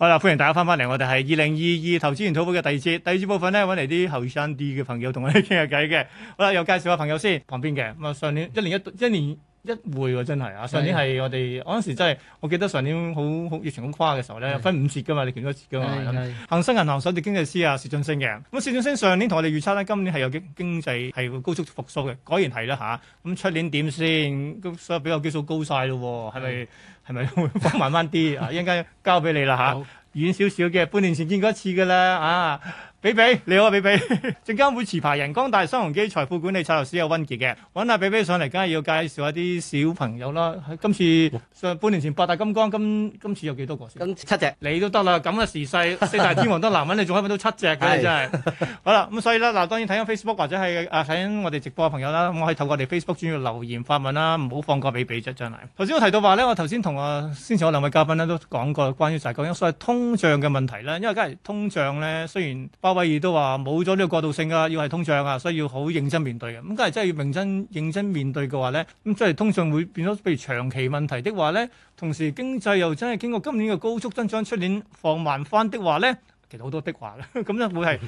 好啦，歡迎大家翻返嚟，我哋係二零二二投資研討會嘅第二節，第二節部分咧揾嚟啲後生啲嘅朋友同我哋傾下偈嘅。好啦，又介紹下朋友先，旁邊嘅咁啊，上年一年一一年一會喎、啊，真係啊，上年係我哋嗰陣時真係，我記得上年好好疫情咁誇嘅時候咧，分五節㗎嘛，你幾多節㗎嘛？恒生銀行首席經濟師啊，薛俊昇嘅。咁、嗯、薛俊昇上年同我哋預測咧，今年係有經經濟係會高速復甦嘅，果然係啦吓，咁、啊、出、啊、年點先？所以比較基數高晒咯，係咪的？係咪會慢慢啲？一陣間交俾你啦吓，遠少少嘅，半年前見過一次噶啦啊！比比，你好啊！比比，證 監會持牌人光大新鴻基財富管理策略師有溫傑嘅，揾下比比上嚟，梗係要介紹下啲小朋友啦。今次上半年前八大金剛，今今次有幾多個先？咁次七隻隻，你都得啦。咁嘅時勢，四 大天王都難揾，你仲可以揾到七隻嘅 真係。 好啦，咁、嗯、所以咧，嗱，當然睇緊 Facebook 或者係啊睇緊我哋直播嘅朋友啦，咁可以透過我哋 Facebook 專要留言發問啦，唔好放過比比啫，張、啊、黎。頭先我提到話咧，我頭先同啊先前我兩位嘉賓咧都講過關於就係講緊所謂通脹嘅問題啦，因為梗係通脹咧，雖然。鮑威爾都話冇咗呢個過渡性啊，要係通脹啊，所以要好認真面對嘅咁，梗係真係要認真認真面對嘅話咧，咁即係通脹會變咗，譬如長期問題的話咧，同時經濟又真係經過今年嘅高速增長，出年放慢翻的話咧，其實好多的話咧，咁 咧會係。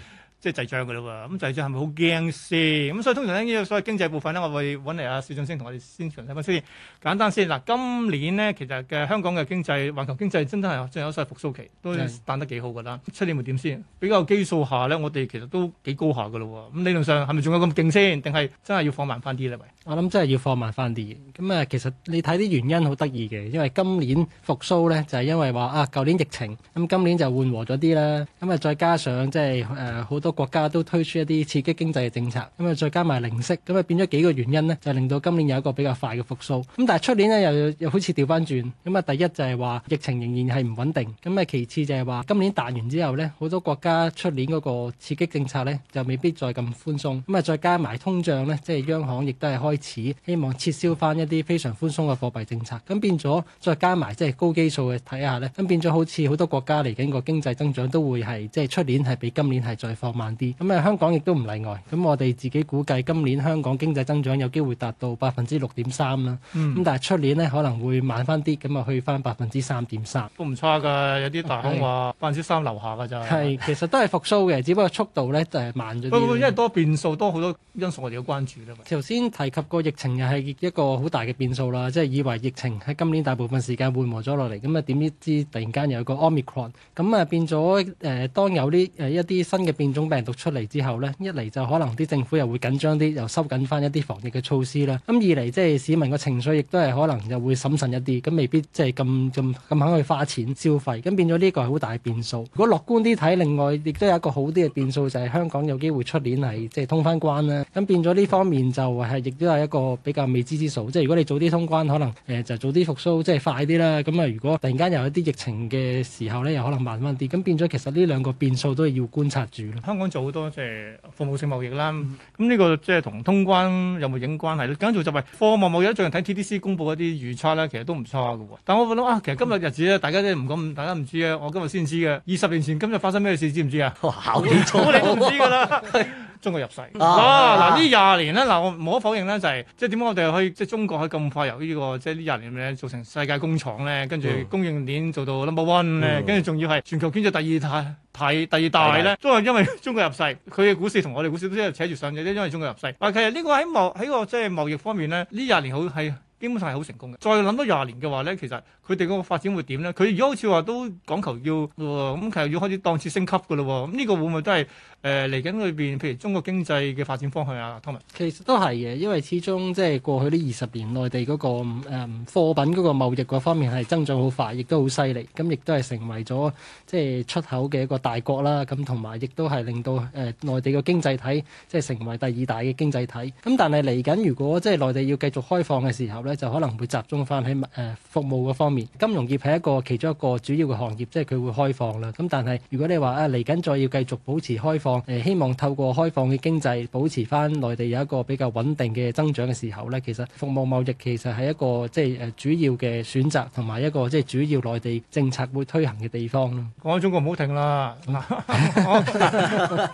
即係滯脹㗎咯喎，咁滯脹係咪好驚先？咁、嗯、所以通常呢，呢個所謂經濟部分咧，我會揾嚟阿薛俊昇同我哋先詳細分析先。先簡單先嗱、啊，今年咧其實嘅香港嘅經濟、環球經濟真真係仲有曬復甦期，都彈得幾好㗎啦。出年會點先？比較基數下咧，我哋其實都幾高下㗎咯喎。咁、嗯、理論上係咪仲有咁勁先？定係真係要放慢翻啲咧？喂，我諗真係要放慢翻啲。咁啊，其實你睇啲原因好得意嘅，因為今年復甦咧就係、是、因為話啊，舊年疫情，咁今年就緩和咗啲啦。咁啊，再加上即係誒好多。國家都推出一啲刺激經濟嘅政策，咁啊再加埋零息，咁啊變咗幾個原因呢就令到今年有一個比較快嘅復甦。咁但係出年呢，又又好似調翻轉，咁啊第一就係話疫情仍然係唔穩定，咁啊其次就係話今年彈完之後呢，好多國家出年嗰個刺激政策呢，就未必再咁寬鬆，咁啊再加埋通脹呢，即係央行亦都係開始希望撤銷翻一啲非常寬鬆嘅貨幣政策，咁變咗再加埋即係高基數嘅睇下呢。咁變咗好似好多國家嚟緊個經濟增長都會係即係出年係比今年係再放慢啲，咁啊香港亦都唔例外。咁我哋自己估計今年香港經濟增長有機會達到百分之六點三啦。咁但係出年咧可能會慢翻啲，咁啊去翻百分之三點三都唔差㗎，有啲大亨話百分之三樓下㗎咋。係是，是其實都係復甦嘅，只不過速度咧就係慢咗。因為多變數多好多因素我哋要關注咧。頭先提及過疫情又係一個好大嘅變數啦，即係以為疫情喺今年大部分時間緩和咗落嚟，咁啊點知突然間有個 omicron，咁啊變咗誒、呃、當有啲誒、呃、一啲新嘅變種變病毒出嚟之後呢，一嚟就可能啲政府又會緊張啲，又收緊翻一啲防疫嘅措施啦。咁二嚟即係市民個情緒亦都係可能又會審慎一啲，咁未必即係咁咁肯去花錢消費。咁變咗呢個係好大變數。如果樂觀啲睇，另外亦都有一個好啲嘅變數就係香港有機會出年係即係通翻關啦。咁變咗呢方面就係亦都係一個比較未知之數。即係如果你早啲通關，可能誒就早啲復甦，即係快啲啦。咁啊，如果突然間有一啲疫情嘅時候呢，又可能慢翻啲。咁變咗其實呢兩個變數都係要觀察住咯。做好多即係服務性貿易啦，咁呢、嗯嗯、個即係同通關有冇影關係咧？梗做就係貨物貿易咧，最近睇 TDC 公布一啲預測咧，其實都唔差嘅，但我覺得，啊，其實今日日子咧，大家都唔敢，大家唔知啊，我今日先知嘅。二十年前今日發生咩事，知唔知啊？哇考你錯，會 你都唔知噶啦。 中國入世，哇、啊！嗱、啊、呢廿年咧，嗱、啊、我唔可否認咧，就係、是、即係點解我哋可以即係中國可以咁快由、這個、呢個即係呢廿年咧做成世界工廠咧，跟住供應鏈做到 number one 咧，嗯、跟住仲要係全球經濟第二太第二大咧，大都係因為中國入世，佢嘅股市同我哋股市都一齊扯住上嘅，都因為中國入世。但其實呢個喺貿喺個即係貿易方面咧，呢廿年好係。基本上係好成功嘅。再諗多廿年嘅話咧，其實佢哋嗰個發展會點咧？佢如果好似話都講求要咁、呃，其實要開始檔次升級嘅咯，咁呢個會唔會都係誒嚟緊裏邊譬如中國經濟嘅發展方向啊 Tommy 其實都係嘅，因為始終即係過去呢二十年內地嗰、那個誒、嗯、貨品嗰個貿易嗰方面係增長好快，亦、嗯、都好犀利。咁亦都係成為咗即係出口嘅一個大國啦。咁同埋亦都係令到誒內、呃、地嘅經濟體即係成為第二大嘅經濟體。咁、嗯、但係嚟緊如果即係內地要繼續開放嘅時候咧，就可能會集中翻喺誒服務嘅方面，金融業係一個其中一個主要嘅行業，即係佢會開放啦。咁但係如果你話啊嚟緊再要繼續保持開放，誒、呃、希望透過開放嘅經濟保持翻內地有一個比較穩定嘅增長嘅時候咧，其實服務貿易其實係一個即係誒主要嘅選擇同埋一個即係、就是、主要內地政策會推行嘅地方咯。講中國唔好停 啦，嗱，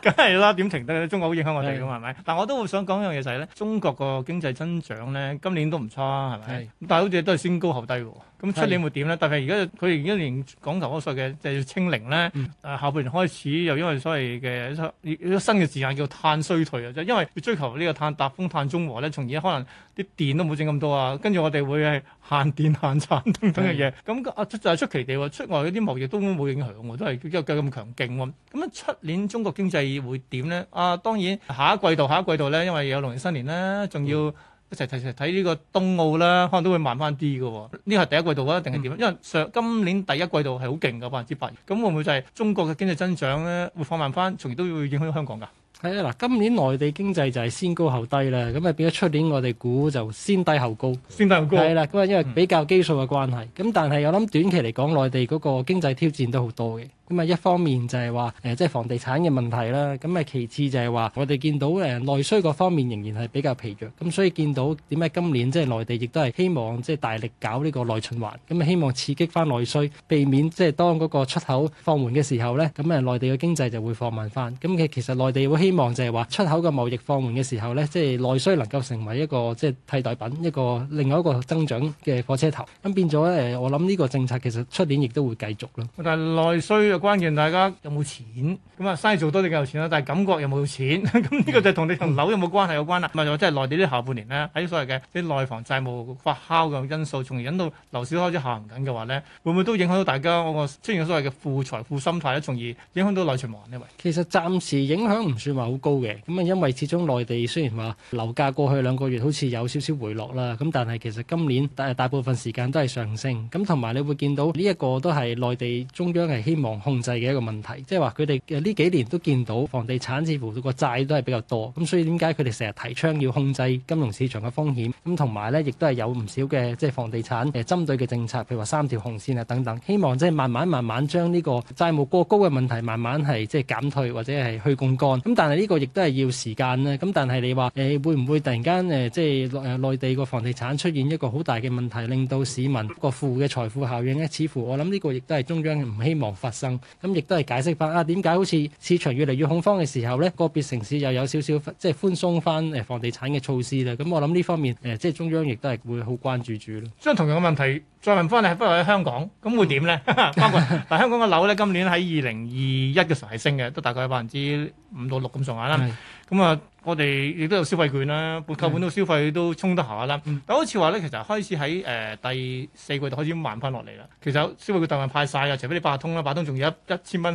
梗係啦，點停得？中國好影響我哋噶嘛？係咪、欸？的但我都會想講一樣嘢就係咧，中國個經濟增長咧，今年都唔錯。係，但係好似都係先高後低喎。咁出年會點咧？特別而家佢而家連港頭嗰嘅就要清零咧。啊，後半年開始又因為所謂嘅新嘅時間叫碳衰退啊，就因為要追求呢個碳達峰、碳中和咧，從而可能啲電都冇整咁多啊。跟住我哋會係限電、限產等等嘅嘢。咁啊，就係出奇地喎，出外嗰啲貿易都冇影響喎，都係繼續咁強勁喎。咁啊，出年中國經濟會點咧？啊，當然下一季度、下一季度咧，因為有農曆新年啦，仲要。一齊睇睇呢個冬奧啦，可能都會慢翻啲嘅。呢個係第一季度啊，定係點？嗯、因為上今年第一季度係好勁嘅百分之八，咁會唔會就係中國嘅經濟增長咧會放慢翻，從而都會影響香港㗎？係啊，嗱，今年內地經濟就係先高後低啦，咁啊變咗出年我哋估就先低後高。先低後高係啦，咁啊因為比較基數嘅關係，咁、嗯、但係我諗短期嚟講，內地嗰個經濟挑戰都好多嘅。咁啊，一方面就係話誒，即、呃、係、就是、房地產嘅問題啦。咁啊，其次就係話我哋見到誒內、呃、需嗰方面仍然係比較疲弱。咁所以見到點解今年即係內地亦都係希望即係大力搞呢個內循環。咁啊，希望刺激翻內需，避免即係當嗰個出口放緩嘅時候咧，咁啊，內地嘅經濟就會放慢翻。咁嘅其實內地會希望就係話出口嘅貿易放緩嘅時候咧，即係內需能夠成為一個即係替代品，一個另外一個增長嘅火車頭。咁變咗咧、呃、我諗呢個政策其實出年亦都會繼續咯。但係內需。關鍵大家有冇錢？咁啊，嘥做多啲嘅有錢啦，但係感覺有冇錢咁呢？ 個就同你同樓、嗯、有冇關係有關啦。係即係內地啲下半年咧，喺所謂嘅啲內房債務發酵嘅因素，從而引到樓市都開始下行緊嘅話咧，會唔會都影響到大家我個出現所謂嘅負財富心態咧，從而影響到內循環呢？喂，其實暫時影響唔算話好高嘅，咁啊，因為始終內地雖然話樓價過去兩個月好似有少少回落啦，咁但係其實今年大大部分時間都係上升，咁同埋你會見到呢一個都係內地中央嘅希望。控制嘅一個問題，即係話，佢哋呢幾年都見到房地產似乎個債都係比較多，咁所以點解佢哋成日提倡要控制金融市場嘅風險，咁同埋咧，亦都係有唔少嘅即係房地產誒針對嘅政策，譬如話三條紅線啊等等，希望即係慢慢慢慢將呢個債務過高嘅問題慢慢係即係減退或者係去槓桿。咁但係呢個亦都係要時間啦。咁但係你話誒、呃、會唔會突然間誒、呃、即係內地個房地產出現一個好大嘅問題，令到市民個負嘅財富效應咧？似乎我諗呢個亦都係中央唔希望發生。咁亦都係解釋翻啊，點解好似市場越嚟越恐慌嘅時候咧，個別城市又有少少即係寬鬆翻誒房地產嘅措施咧？咁、嗯、我諗呢方面誒，即係中央亦都係會好關注住咯。將同樣嘅問題。再問翻你，不如喺香港，咁會點咧？ 包括嗱，香港嘅樓咧，今年喺二零二一嘅時候係升嘅，都大概有百分之五到六咁上下啦。咁啊， 我哋亦都有消費券啦，購本都消費都充得下啦。但好似話咧，其實開始喺誒第四季度開始慢翻落嚟啦。其實消費券大部分派晒啊，除非你八通啦，八通仲有一一千蚊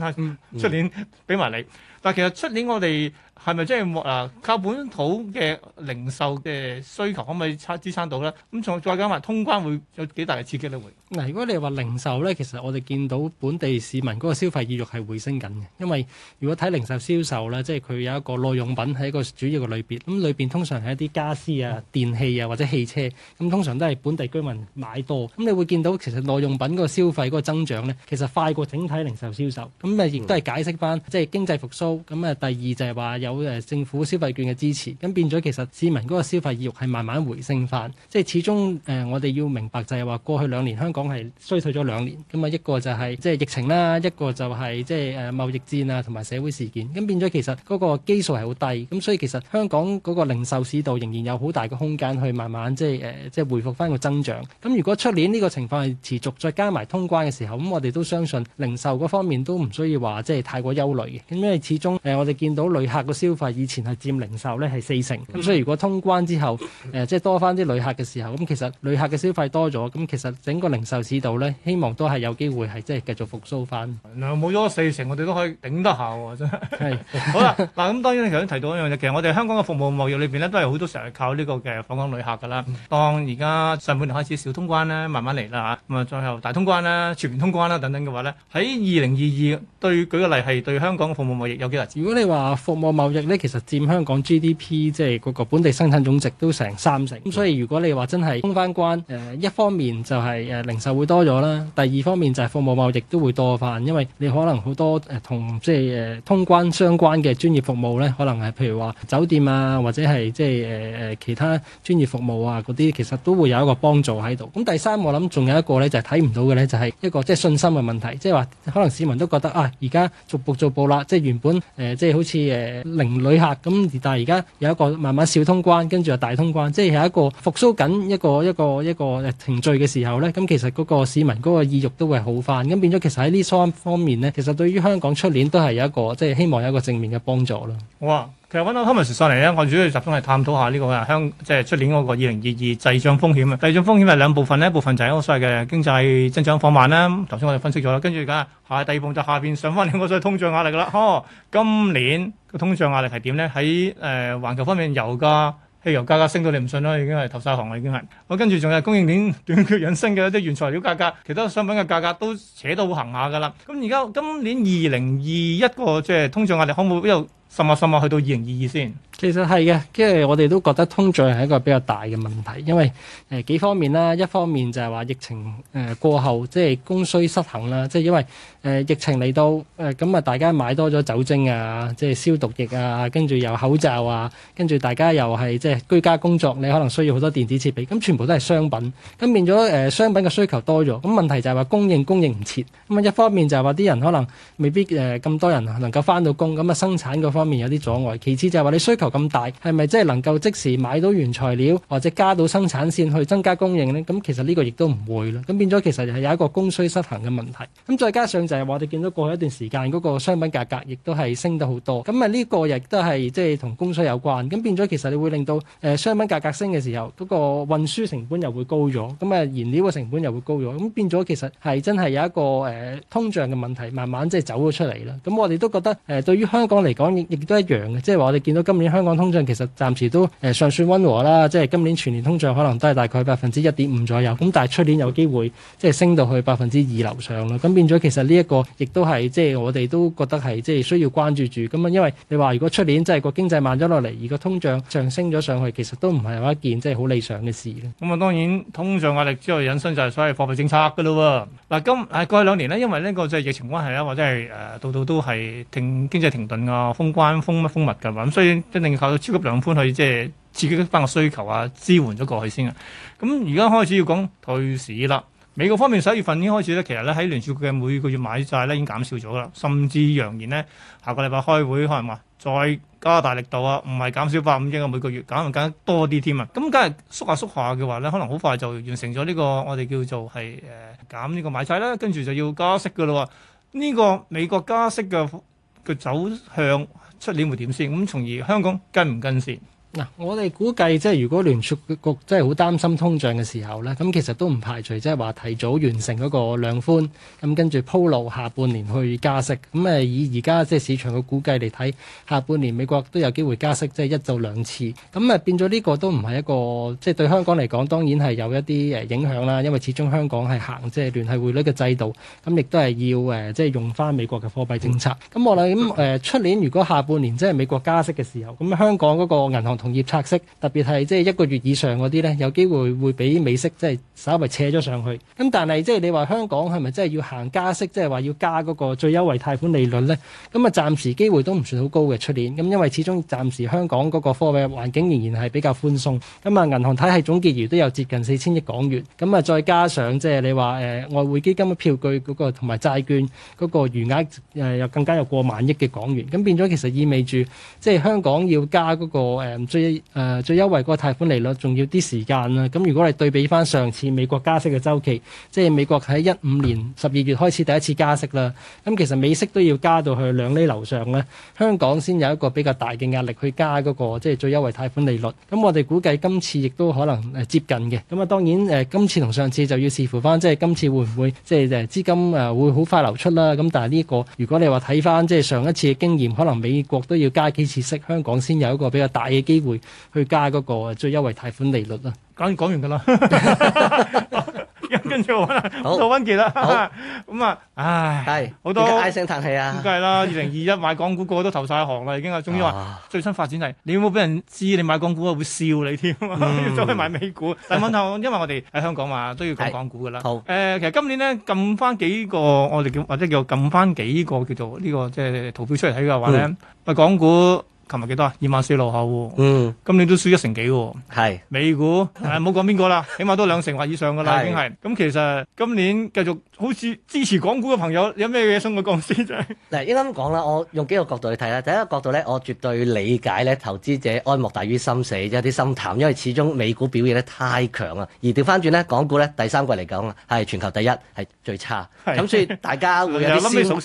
出年俾埋你。但係其實出年我哋。係咪即係誒靠本土嘅零售嘅需求可唔可以撐支撐到咧？咁再再加埋通關會有幾大嘅刺激咧？會嗱，如果你話零售咧，其實我哋見到本地市民嗰個消費意欲係回升緊嘅，因為如果睇零售銷售咧，即係佢有一個耐用品喺一個主要嘅類別，咁裏邊通常係一啲家私啊、電器啊或者汽車，咁通常都係本地居民買多。咁你會見到其實耐用品個消費個增長咧，其實快過整體零售銷售。咁啊，亦都係解釋翻即係經濟復甦。咁啊，第二就係話政府消費券嘅支持，咁變咗其實市民嗰個消費意欲係慢慢回升翻，即係始終誒、呃、我哋要明白就係話過去兩年香港係衰退咗兩年，咁啊一個就係即係疫情啦，一個就係即係誒貿易戰啊，同埋社會事件，咁變咗其實嗰個基數係好低，咁所以其實香港嗰個零售市道仍然有好大嘅空間去慢慢即係誒、呃、即係回復翻個增長。咁如果出年呢個情況係持續，再加埋通關嘅時候，咁我哋都相信零售嗰方面都唔需要話即係太過憂慮嘅，咁因為始終誒、呃、我哋見到旅客。消費以前係佔零售咧係四成，咁所以如果通關之後，誒即係多翻啲旅客嘅時候，咁其實旅客嘅消費多咗，咁其實整個零售市道咧，希望都係有機會係即係繼續復甦翻。嗱，冇咗四成，我哋都可以頂得下喎，真係。係，好啦，嗱咁當然你頭先提到一樣嘢，其實我哋香港嘅服務貿易裏邊咧，都係好多時候靠呢個嘅訪港旅客㗎啦。當而家上半年開始小通關啦，慢慢嚟啦嚇，咁啊最後大通關啦、全面通關啦等等嘅話咧，喺二零二二對舉個例係對香港嘅服務貿易有幾大？如果你話服務貿，貿易咧，其實佔香港 GDP 即係個個本地生產總值都成三成咁，所以如果你話真係通翻關，誒一方面就係誒零售會多咗啦，第二方面就係服務貿易都會多翻，因為你可能好多誒同即係誒通關相關嘅專業服務咧，可能係譬如話酒店啊，或者係即係誒誒其他專業服務啊嗰啲，其實都會有一個幫助喺度。咁第三我諗仲有一個咧，就係睇唔到嘅咧，就係一個即係信心嘅問題，即係話可能市民都覺得啊，而家逐步逐步啦，即係原本誒、呃、即係好似誒。呃零旅客咁，但係而家有一個慢慢小通關，跟住又大通關，即係有一個復甦緊一個一個一個程序嘅時候呢，咁其實嗰個市民嗰個意欲都會好返，咁變咗其實喺呢三方面呢，其實對於香港出年都係有一個即係希望有一個正面嘅幫助咯。哇！其實揾到 Thomas 上嚟咧，我主要集中係探討下呢、這個啊香港，即係出年嗰個二零二二滯脹風險啊。滯脹風險係兩部分咧，一部分就係一個所謂嘅經濟增長放慢啦。頭先我哋分析咗啦，跟住而家下第二步就下邊上翻嚟我所通脹壓力噶啦。呵、哦，今年個通脹壓力係點咧？喺誒、呃、環球方面，油價、汽油價格升到你唔信啦，已經係投晒行啦，已經係。我跟住仲有供應鏈短缺引申嘅一啲原材料價格，其他商品嘅價格都扯到好行下噶啦。咁而家今年二零二一個即係通脹壓力，可唔可以？深下深下去到二零二二先，其實係嘅，即係我哋都覺得通脹係一個比較大嘅問題，因為誒、呃、幾方面啦，一方面就係話疫情誒、呃、過後即係供需失衡啦，即係因為誒、呃、疫情嚟到誒咁啊，大家買多咗酒精啊，即係消毒液啊，跟住又口罩啊，跟住大家又係即係居家工作，你可能需要好多電子設備，咁全部都係商品，咁變咗誒商品嘅需求多咗，咁問題就係話供應供應唔切，咁啊一方面就係話啲人可能未必誒咁、呃、多人能夠返到工，咁啊生產嗰方面方面有啲阻礙，其次就係話你需求咁大，係咪真係能夠即時買到原材料或者加到生產線去增加供應咧？咁其實呢個亦都唔會啦，咁變咗其實係有一個供需失衡嘅問題。咁再加上就係我哋見到過去一段時間嗰個商品價格亦都係升得好多，咁啊呢個亦都係即係同供需有關。咁變咗其實你會令到誒商品價格升嘅時候，嗰個運輸成本又會高咗，咁啊燃料嘅成本又會高咗，咁變咗其實係真係有一個誒通脹嘅問題慢慢即係走咗出嚟啦。咁我哋都覺得誒對於香港嚟講。亦都一樣嘅，即係話我哋見到今年香港通脹其實暫時都誒尚、呃、算溫和啦，即係今年全年通脹可能都係大概百分之一點五左右，咁但係出年有機會即係升到去百分之二樓上啦，咁變咗其實呢一個亦都係即係我哋都覺得係即係需要關注住，咁啊因為你話如果出年真係個經濟慢咗落嚟，而個通脹上升咗上去，其實都唔係一件即係好理想嘅事。咁啊當然通脹壓力之後引申就係所謂貨幣政策嘅咯喎，嗱今誒過去兩年呢，因為呢個即係疫情關係啦，或者係誒、呃、到度都係停經濟停頓啊，封翻蜂乜蜂蜜㗎嘛？咁所以一定要靠到超級量寬去即係刺激翻個需求啊，支援咗過去先啊。咁而家開始要講退市啦。美國方面十一月份已經開始咧，其實咧喺聯儲局嘅每個月買債咧已經減少咗啦，甚至揚言呢下個禮拜開會可能話再加大力度啊，唔係減少百五億啊，每個月減又減多啲添啊。咁梗係縮下縮下嘅話咧，可能好快就完成咗呢、呢個我哋叫做係誒、呃、減呢個買債啦，跟住就要加息㗎啦喎。呢、呢個美國加息嘅嘅走向。出年會點先？咁從而香港跟唔跟先？嗱、啊，我哋估計即係如果聯儲局真係好擔心通脹嘅時候呢，咁其實都唔排除即係話提早完成嗰個量寬，咁跟住鋪路下半年去加息。咁、嗯、誒以而家即係市場嘅估計嚟睇，下半年美國都有機會加息，即係一到兩次。咁、嗯、誒變咗呢個都唔係一個，即係對香港嚟講當然係有一啲誒影響啦。因為始終香港係行即係聯繫匯率嘅制度，咁、嗯、亦、嗯、都係要誒即係用翻美國嘅貨幣政策。咁、嗯嗯、我諗誒，出、嗯、年如果下半年即係美國加息嘅時候，咁香港嗰個銀行。同業拆息特別係即係一個月以上嗰啲咧，有機會會畀美息即係稍微扯咗上去。咁但係即係你話香港係咪真係要行加息，即係話要加嗰個最優惠貸款利率咧？咁啊暫時機會都唔算好高嘅出年。咁因為始終暫時香港嗰個貨幣環境仍然係比較寬鬆。咁啊銀行體系總結餘都有接近四千億港元。咁啊再加上即係、就是、你話誒、呃、外匯基金嘅票據嗰、那個同埋債券嗰個餘額又、呃、更加有過萬億嘅港元。咁變咗其實意味住即係香港要加嗰、那個、呃最誒、呃、最優惠嗰個貸款利率，仲要啲時間啦。咁如果你對比翻上次美國加息嘅周期，即係美國喺一五年十二月開始第一次加息啦。咁其實美息都要加到去兩厘樓上咧，香港先有一個比較大嘅壓力去加嗰、嗰個即係最優惠貸款利率。咁我哋估計今次亦都可能誒接近嘅。咁啊當然誒、呃、今次同上次就要視乎翻，即係今次會唔會即係誒資金誒、呃、會好快流出啦？咁但係呢個如果你話睇翻即係上一次嘅經驗，可能美國都要加幾次息，香港先有一個比較大嘅機會。會去加嗰個最優惠貸款利率啦。講講完噶啦，跟住我，我溫傑啦。咁啊，唉，好多唉聲嘆氣啊。梗係啦，二零二一買港股個個都投曬行啦，已經啊。終於話最新發展係，你有冇俾人知？你買港股啊，會笑你添。要走去買美股。但問題我因為我哋喺香港嘛，都要講港股噶啦。好誒，其實今年咧，撳翻幾個我哋叫或者叫撳翻幾個叫做呢個即係圖表出嚟睇嘅話咧，個港股。琴日幾多啊？二萬四六百幾喎，嗯，今年都輸一成幾喎，哦，是美股誒唔好講邊個啦，啊、了 起碼都兩成或以上㗎喇是已經係，咁、嗯、其實今年繼續。好似支持港股嘅朋友，有咩嘢送個殭屍仔？嗱，應該咁講啦，我用幾個角度去睇啦。第一個角度咧，我絕對理解咧，投資者哀莫大於心死，即係啲心淡，因為始終美股表現得太強啊。而掉返轉咧，港股咧第三季嚟講係全球第一，係最差。咁所以大家會有啲心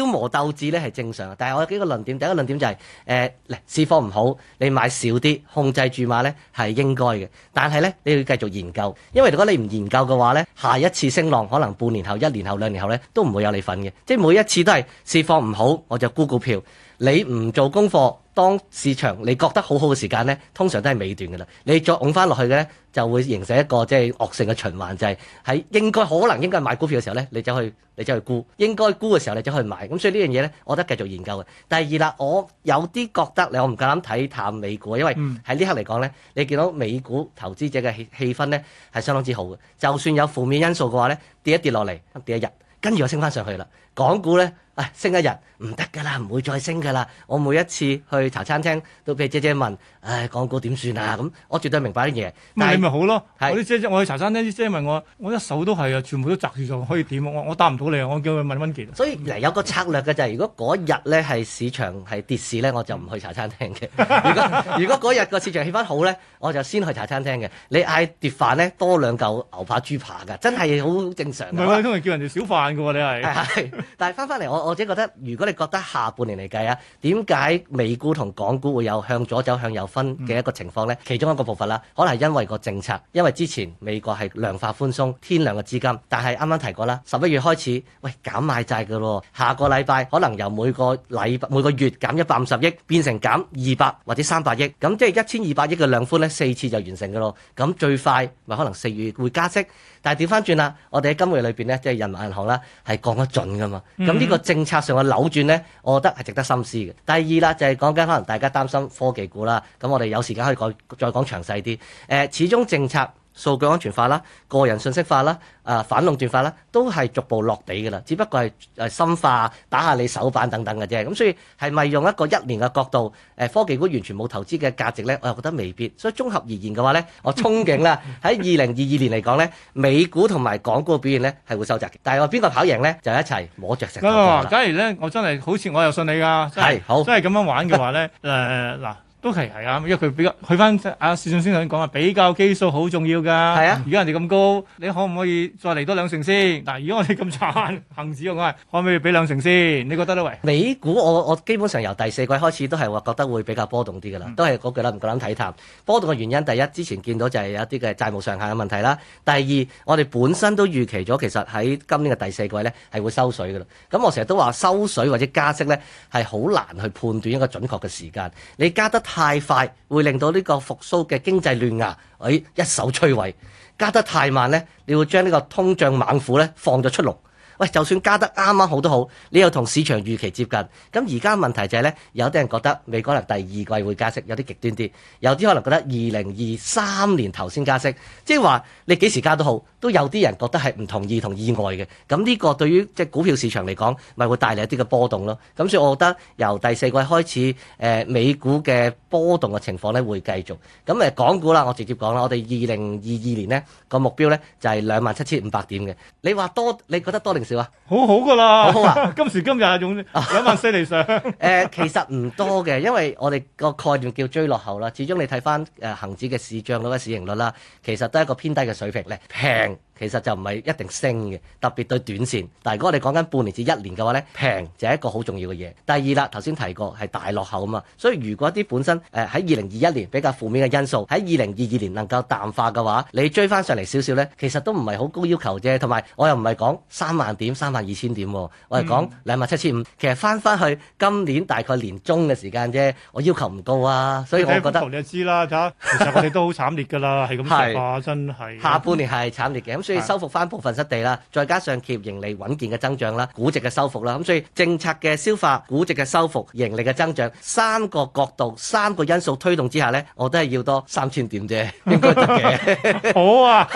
消磨鬥志咧，係正常。但係我有幾個論點，第一個論點就係、是、誒、呃，市況唔好，你買少啲，控制住碼咧係應該嘅。但係咧，你要繼續研究，因為如果你唔研究嘅話咧，下一次升浪可能半年後、一年後、兩年後咧，都唔會有你份嘅，即係每一次都係市況唔好，我就沽股票。你唔做功課，當市場你覺得好好嘅時間呢，通常都係尾段㗎啦。你再拱翻落去呢，就會形成一個即係惡性嘅循環，就係喺應該可能應該買股票嘅時候呢，你就去你就去沽，應該沽嘅時候你就去買。咁所以呢樣嘢呢，我覺得繼續研究嘅。第二啦，我有啲覺得，你我唔夠膽睇淡美股，因為喺呢刻嚟講呢，你見到美股投資者嘅氣氣氛呢係相當之好嘅。就算有負面因素嘅話呢，跌一跌落嚟，跌一日，跟住我升翻上去啦。港股咧，哎升一日唔得㗎啦，唔會再升㗎啦。我每一次去茶餐廳都俾姐姐問，哎港股點算啊？咁、嗯、我絕對明白啲嘢，咪咪好咯是。我啲姐姐我去茶餐廳啲姐、姐問我，我一手都係啊，全部都擳住咗，可以點？我我我答唔到你啊，我叫佢問温傑。所以嚟有個策略嘅就係、是，如果嗰日咧係市場係跌市咧，我就唔去茶餐廳嘅。 如果如果嗰日個市場氣氛好咧，我就先去茶餐廳嘅。你嗌碟飯咧多兩嚿牛扒豬扒㗎，真係好正常。唔係、 啊，通常叫人哋小飯㗎喎，你係。 但係翻翻嚟，我我自己覺得，如果你覺得下半年嚟計啊，點解美股同港股會有向左走向右分嘅一個情況呢？嗯、其中一個部分啦，可能係因為個政策，因為之前美國係量化寬鬆，天量嘅資金，但係啱啱提過啦，十一月開始，喂減買債嘅咯，下個禮拜可能由每個禮每個月減一百五十億，變成減二百或者三百億，咁即係一千二百億嘅量寬呢，四次就完成嘅咯。咁最快咪可能四月會加息，但係調翻轉啦，我哋喺今個月裏邊呢，即係人民銀行啦，係降得準嘅嘛。咁呢、嗯、個政策上嘅扭轉呢，我覺得係值得深思嘅。第二啦，就係、是、講緊可能大家擔心科技股啦，咁我哋有時間可以再再講詳細啲。誒、呃，始終政策。數據安全法啦、個人信息法啦、啊反壟斷法啦，都係逐步落地㗎啦。只不過係誒深化、打下你手板等等嘅啫。咁所以係咪用一個一年嘅角度，誒科技股完全冇投資嘅價值呢？我又覺得未必。所以綜合而言嘅話呢，我憧憬啦，喺二零二二年嚟講呢，美股同埋港股嘅表現呢係會收窄嘅。但係我邊個跑贏呢？就一齊摸着石頭假如呢，我真係好似我又信你㗎。係好，真係咁樣玩嘅話呢。誒嗱。都係係啊，因為佢比較，佢翻阿俊昇先頭咁講啊，比較基數好重要㗎。係啊，如果人哋咁高，你可唔可以再嚟多兩成先？嗱，如果我哋咁慘，恆指我講，可唔可以俾兩成先？你覺得呢？喂，美股我我基本上由第四季開始都係話覺得會比較波動啲㗎啦。都係嗰句啦，唔夠膽睇淡。波動嘅原因，第一，之前見到就係有一啲嘅債務上限嘅問題啦。第二，我哋本身都預期咗，其實喺今年嘅第四季咧係會收水㗎啦。咁我成日都話收水或者加息咧係好難去判斷一個準確嘅時間。你加得。太快會令到呢個復甦嘅經濟亂牙，喺一手摧毀；加得太慢咧，你會將呢個通脹猛虎咧放咗出籠。喂，就算加得啱啱好都好，你又同市場預期接近。咁而家問題就係、是、呢：有啲人覺得美國可能第二季會加息，有啲極端啲；有啲可能覺得二零二三年頭先加息，即係話你幾時加都好，都有啲人覺得係唔同意同意外嘅。咁呢個對於即係股票市場嚟講，咪、就是、會帶嚟一啲嘅波動咯。咁所以我覺得由第四季開始，誒、呃、美股嘅波動嘅情況咧會繼續。咁誒、呃、港股啦，我直接講啦，我哋二零二二年呢個目標呢，就係兩萬七千五百點嘅。你話多，你覺得多定？好好噶啦，好，好啊，今時今日係種兩萬四嚟上。誒，其實唔多嘅，因為我哋個概念叫追落後啦。始終你睇翻誒恆指嘅市漲嗰個市盈率啦，其實都係一個偏低嘅水平，咧平。其實就唔係一定升嘅，特別對短線。但如果我哋講緊半年至一年嘅話呢，平就係一個好重要嘅嘢。第二啦，頭先提過係大落後啊嘛，所以如果啲本身誒喺二零二一年比較負面嘅因素喺二零二二年能夠淡化嘅話，你追翻上嚟少少呢，其實都唔係好高要求啫。同埋我又唔係講三萬點、三萬二千點，我係講兩萬七千五、嗯。其實翻翻去今年大概年中嘅時間啫，我要求唔高啊。所以我覺得其實我哋都好慘烈㗎啦，係咁樣啊，真係。下半年係慘烈嘅。所以收復翻部分失地啦，再加上企業盈利穩健嘅增長啦，估值嘅收復啦，咁所以政策嘅消化、估值嘅收復、盈利嘅增長三個角度、三個因素推動之下咧，我都係要多三千點啫，應該得嘅。 好啊，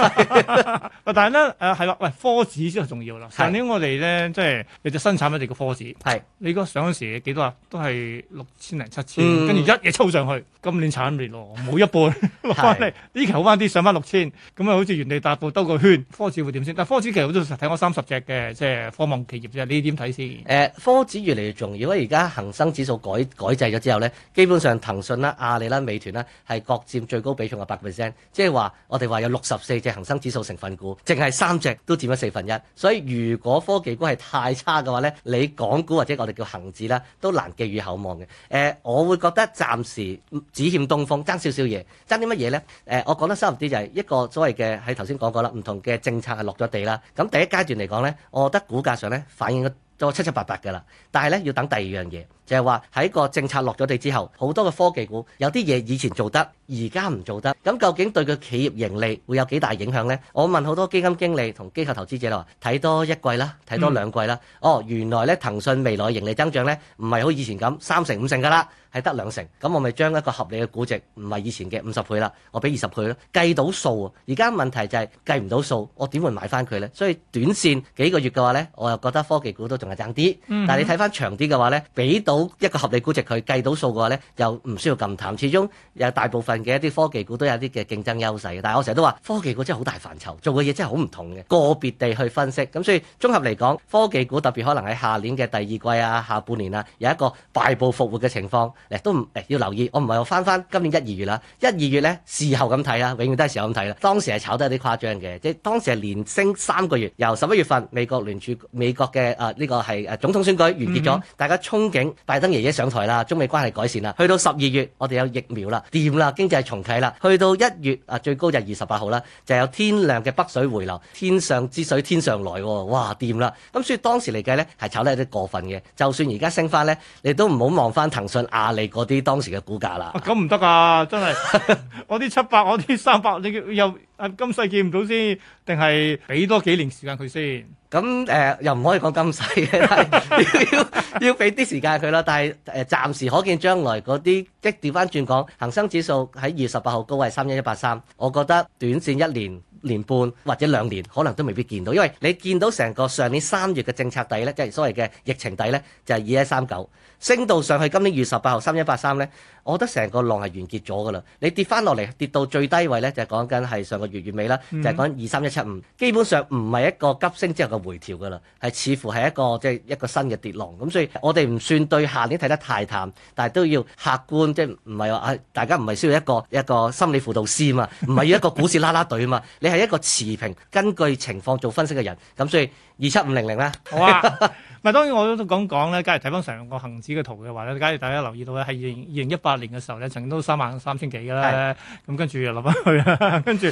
但係咧，誒係啦，喂，科指先係重要咯。上年我哋咧，即係你隻生產品嚟嘅科指，係是你嗰上嗰時幾多啊？都係六千零七千，跟住一嘢抽上去，今年產熱咯，冇一半落翻嚟，依求翻啲上翻六千，咁啊，好似原地踏步兜個圈。科指會點先？但科指其實好都睇我三十隻嘅，即係科網企業啫。你點睇先？誒、啊，科指越嚟越重要啊！而家恒生指數改改制咗之後咧，基本上騰訊啦、阿里啦、美團啦係各佔最高比重嘅百 percent。即係話我哋話有六十四隻恒生指數成分股，淨係三隻都佔咗四分一。所以如果科技股係太差嘅話咧，你港股或者我哋叫恒指啦，都難寄予厚望嘅。誒、啊，我會覺得暫時只欠東風爭少少嘢，爭啲乜嘢咧？誒、啊，我講得深入啲就係一個所謂嘅喺頭先講過啦，唔同嘅。嘅政策係落咗地啦，咁第一階段嚟講咧，我覺得股價上咧反映咗都七七八八嘅啦，但係咧要等第二樣嘢。就係話喺個政策落咗地之後，好多嘅科技股有啲嘢以前做得，而家唔做得。咁究竟對個企業盈利會有幾大影響呢？我問好多基金經理同機構投資者啦，睇多一季啦，睇多兩季啦。嗯、哦，原來咧騰訊未來盈利增長咧唔係好以前咁三成五成噶啦，係得兩成。咁我咪將一個合理嘅估值唔係以前嘅五十倍啦，我俾二十倍咯。計到數啊，而家問題就係計唔到數，我點會買翻佢呢？所以短線幾個月嘅話呢，我又覺得科技股都仲係爭啲。但係你睇翻長啲嘅話呢，俾到。一個合理估值，佢計到數嘅話呢，又唔需要咁淡。始終有大部分嘅一啲科技股都有啲嘅競爭優勢嘅。但係我成日都話，科技股真係好大範疇，做嘅嘢真係好唔同嘅。個別地去分析，咁所以綜合嚟講，科技股特別可能喺下年嘅第二季啊，下半年啊，有一個敗部復活嘅情況。嚟都唔，誒，要留意，我唔係我翻翻今年一二月啦。一二月呢，事後咁睇啦，永遠都係事後咁睇啦。當時係炒得有啲誇張嘅，即係當時係連升三個月，由十一月份美國聯儲、美國嘅誒呢個係誒總統選舉完結咗，嗯、大家憧憬。拜登爺爺上台啦，中美關係改善啦，去到十二月我哋有疫苗啦，掂啦，經濟重啟啦，去到一月啊，最高就二十八號啦，就有天量嘅北水回流，天上之水天上來喎、哦，哇掂啦！咁所以當時嚟計咧係炒得有啲過分嘅，就算而家升翻咧，你都唔好望翻騰訊、阿里嗰啲當時嘅股價啦。咁唔得啊！真係 我啲七百，我啲三百，你又今世見唔到先，定係俾多幾年時間佢先？咁誒、呃、又唔可以講咁細嘅，要要俾啲時間佢啦。但係誒、呃、暫時可見將來嗰啲即係調翻轉講，恒生指數喺二月十八號高位三一一八三，我覺得短線一年、年半或者兩年可能都未必見到，因為你見到成個上年三月嘅政策底咧，即係所謂嘅疫情底呢就係二一三九。升到上去今年二月十八號三一八三呢，我覺得成個浪係完結咗㗎啦。你跌翻落嚟跌到最低位呢，就係講緊係上個月月尾啦，就係講二三一七五，基本上唔係一個急升之後嘅回調㗎啦，係似乎係一個即係、就是、一個新嘅跌浪。咁所以我哋唔算對下年睇得太淡，但係都要客觀，即係唔係話啊大家唔係需要一個一個心理輔導師嘛，唔係要一個股市啦啦隊啊嘛，你係一個持平，根據情況做分析嘅人，咁所以。二七五零零咧，好啊！咪當然我都講講咧，假如睇翻成個恆指嘅圖嘅話咧，假如大家留意到咧，係二零二零一八年嘅時候咧，曾經都三萬三千幾嘅啦，咁跟住又落翻去啦，跟住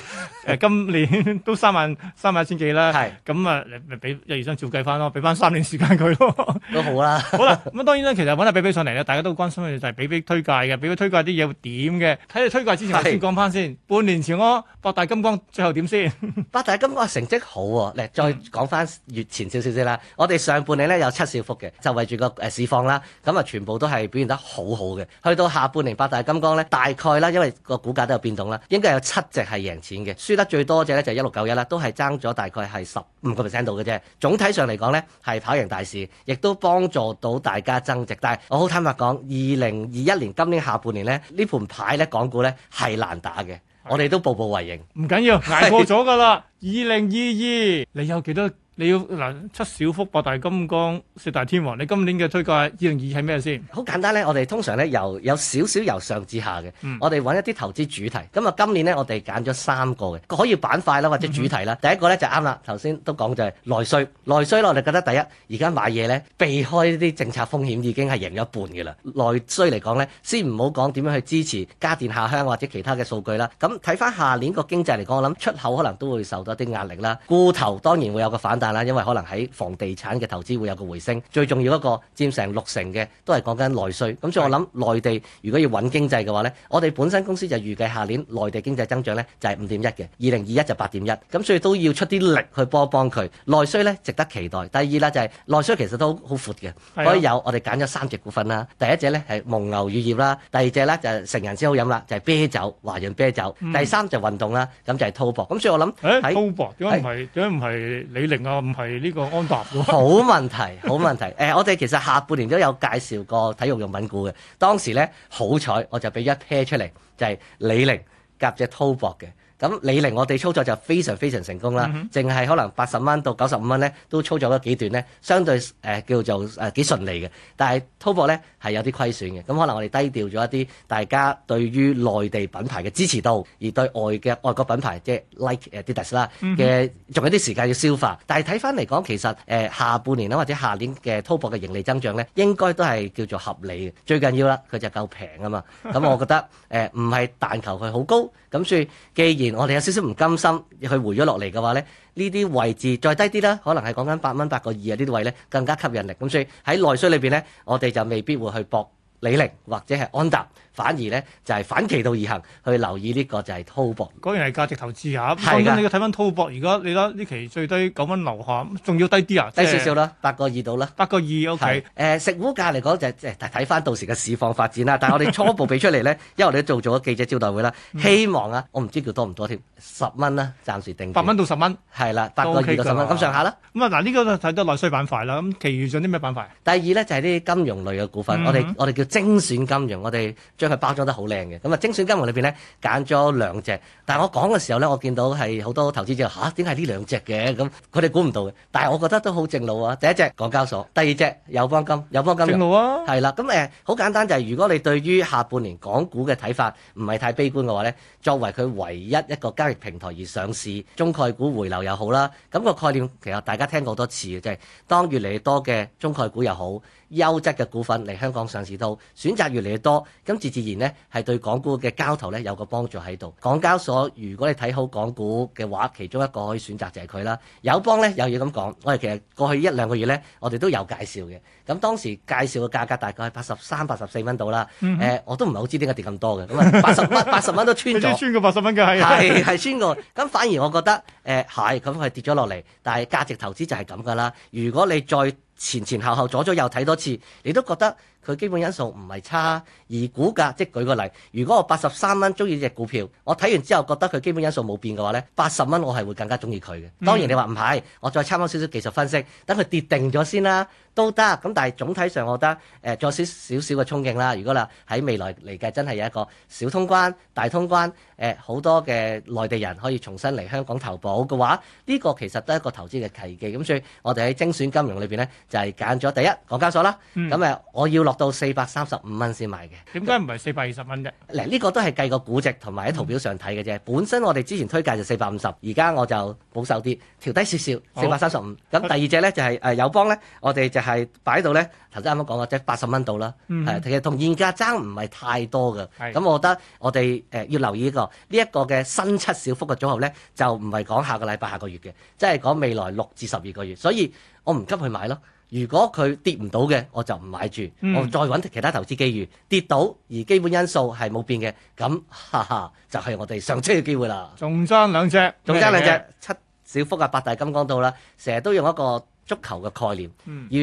誒今年都三萬三萬一千幾啦，咁啊咪俾一於相照計翻咯，俾翻三年時間佢咯，都好啦。好啦，咁當然咧，其實揾下比比上嚟咧，大家都好關心嘅就係比比推介嘅，比比推介啲嘢會點嘅。睇下推介之前先講翻先，半年前我八大金剛最後點先？八大金剛成績好喎，嚟再講翻。月前少少先啦，我哋上半年呢，有七小福嘅，就圍住個誒市況啦，咁啊全部都係表現得好好嘅。去到下半年八大金剛呢，大概啦，因為個股價都有變動啦，應該有七隻係贏錢嘅，輸得最多隻呢，就係一六九一啦，都係爭咗大概係十五個 percent 度嘅啫。總體上嚟講呢，係跑贏大市，亦都幫助到大家增值。但係我好坦白講，二零二一年今年下半年呢，呢盤牌呢，港股呢，係難打嘅，的我哋都步步為營。唔緊要，捱過咗㗎啦。二零二二，你有幾多？你要嗱七小福、八大金剛、四大天王，你今年嘅推介二零二係咩先？好簡單咧，我哋通常咧由有少少由上至下嘅，嗯、我哋揾一啲投資主題。咁啊，今年咧我哋揀咗三個嘅，可以板塊啦或者主題啦。第一個咧就啱啦，頭先都講就係內需。內需咯，我哋覺得第一而家買嘢咧，避開呢啲政策風險已經係贏咗一半嘅啦。內需嚟講咧，先唔好講點樣去支持家電、下鄉或者其他嘅數據啦。咁睇翻下年個經濟嚟講，我諗出口可能都會受到啲壓力啦。固投當然會有個反彈。因為可能喺房地產嘅投資會有個回升，最重要一個佔成六成嘅都係講緊內需。咁所以我諗內地如果要穩經濟嘅話呢，的我哋本身公司就預計下年內地經濟增長呢就係五點一嘅，二零二一就八點一。咁所以都要出啲力去幫幫佢內需，呢值得期待。第二啦就係內需其實都好闊嘅，所的以有我哋揀咗三隻股份啦。第一隻呢係蒙牛乳業啦，第二隻呢就係成人先好飲啦，就係啤酒華潤啤酒。啤酒嗯、第三就運動啦，咁就係滔搏。咁所以我諗，誒滔搏，點解唔係點解唔係李寧啊？的唔係呢個安踏嘅。 好問題，好問題誒，我哋其實下半年都有介紹過體育用品股嘅。當時咧，好彩我就俾一 pair 出嚟，就係、是、李寧夾隻滔薄嘅。咁你寧我哋操作就非常非常成功啦，淨係、嗯、哼可能八十蚊到九十五蚊咧，都操作咗幾段咧，相對誒、呃、叫做誒幾、呃、順利嘅。但係滔博咧係有啲虧損嘅，咁、嗯、可能我哋低調咗一啲大家對於內地品牌嘅支持度，而對外嘅外國品牌，即係 like 誒啲特斯拉嘅，仲、嗯、哼有啲時間要消化。但係睇翻嚟講，其實誒、呃、下半年啦或者下年嘅滔博嘅盈利增長咧，應該都係叫做合理嘅。最緊要啦，佢就夠平啊嘛。咁我覺得誒唔係，但求佢好高。咁所以，既然我哋有少少唔甘心，去回咗落嚟嘅話咧，呢啲位置再低啲啦，可能係講緊八蚊八個二啊，呢啲位咧更加吸引力。咁所以喺內需裏邊咧，我哋就未必會去博。李寧或者係安踏，反而咧就係反其道而行，去留意呢個就係滔博。果然係價值投資嚇、啊，咁的你要睇翻滔博，如果你攞呢期最低九蚊樓下仲要低啲啊？就是、低少少啦，八個二到啦。八個二 OK。誒、呃，食股價嚟講就即係睇翻到時嘅市況發展啦。但係我哋初步俾出嚟咧， 因為我哋做咗記者招待會啦，希望啊，我唔知叫多唔多添，十蚊啦，暫時定。八蚊到十蚊。係啦，八個二到十蚊咁上下啦。咁啊嗱，呢、這個睇得內需板塊啦。咁，其餘仲有啲咩板塊？第二咧就係、是、啲金融類嘅股份，嗯、我哋我哋叫。精選金融，我哋將佢包裝得好靚嘅。咁啊，精選金融裏邊呢，揀咗兩隻。但係我講嘅時候呢，我見到係好多投資者嚇，點解呢兩隻嘅？咁佢哋估唔到嘅。但係我覺得都好正路啊！第一隻港交所，第二隻友邦金，友邦金正路啊！係啦，咁誒好簡單就係，如果你對於下半年港股嘅睇法唔係太悲觀嘅話呢，作為佢唯一一個交易平台而上市，中概股回流又好啦。咁個概念其實大家聽過好多次嘅，就係當越嚟越多嘅中概股又好。優質嘅股份嚟香港上市到選擇越嚟越多，咁自自然呢，係對港股嘅交投呢有個幫助喺度。港交所如果你睇好港股嘅話，其中一個可以選擇就係佢啦。友邦呢，有嘢咁講，我哋其實過去一兩個月呢，我哋都有介紹嘅。咁當時介紹嘅價格大概係八十三、八十四蚊到啦。誒、嗯呃，我都唔係好知點解跌咁多嘅。咁啊，八十蚊八十蚊都穿穿過八十蚊嘅係係穿過。咁反而我覺得誒係，咁、呃、係跌咗落嚟。但係價值投資就係咁㗎啦。如果你再前前後後左左右睇多次，你都覺得。佢基本因素唔係差，而股價即舉個例，如果我八十三蚊中意隻股票，我睇完之後覺得佢基本因素冇變嘅話，呢八十蚊我係會更加中意佢嘅。當然你話唔係，我再參考少少技術分析，等佢跌定咗先啦，都得。咁但係總體上我覺得誒再、呃、少少少嘅憧憬啦。如果啦喺未來嚟計，真係有一個小通關大通關誒好、呃、多嘅內地人可以重新嚟香港投保嘅話，呢、這個其實都係一個投資嘅契機。咁所以我哋喺精選金融裏邊咧，就係揀咗第一港交所啦。咁誒、嗯、我要落到四百三十五蚊先買嘅，點解唔係四百二十蚊啫？嗱，呢個都係計個估值同埋喺圖表上睇嘅啫。嗯、本身我哋之前推介就四百五十，而家我就保守啲，調低少少，四百三十五。咁、嗯、第二隻呢，就係誒友邦呢。我哋就係擺到呢，咧。頭先啱啱講嘅即係八十蚊度啦，其實同現價爭唔係太多嘅。咁、嗯、我覺得我哋誒要留意呢個呢一個嘅、這個、新七小幅嘅組合呢，就唔係講下個禮拜、下個月嘅，即係講未來六至十二個月。所以我唔急去買咯。如果佢跌唔到嘅，我就唔買住，嗯、我再揾其他投資機遇。跌到而基本因素係冇變嘅，咁哈哈就係、是、我哋上車嘅機會啦。仲爭兩隻，仲爭兩隻麼七小福啊，八大金剛到啦。成日都用一個足球嘅概念，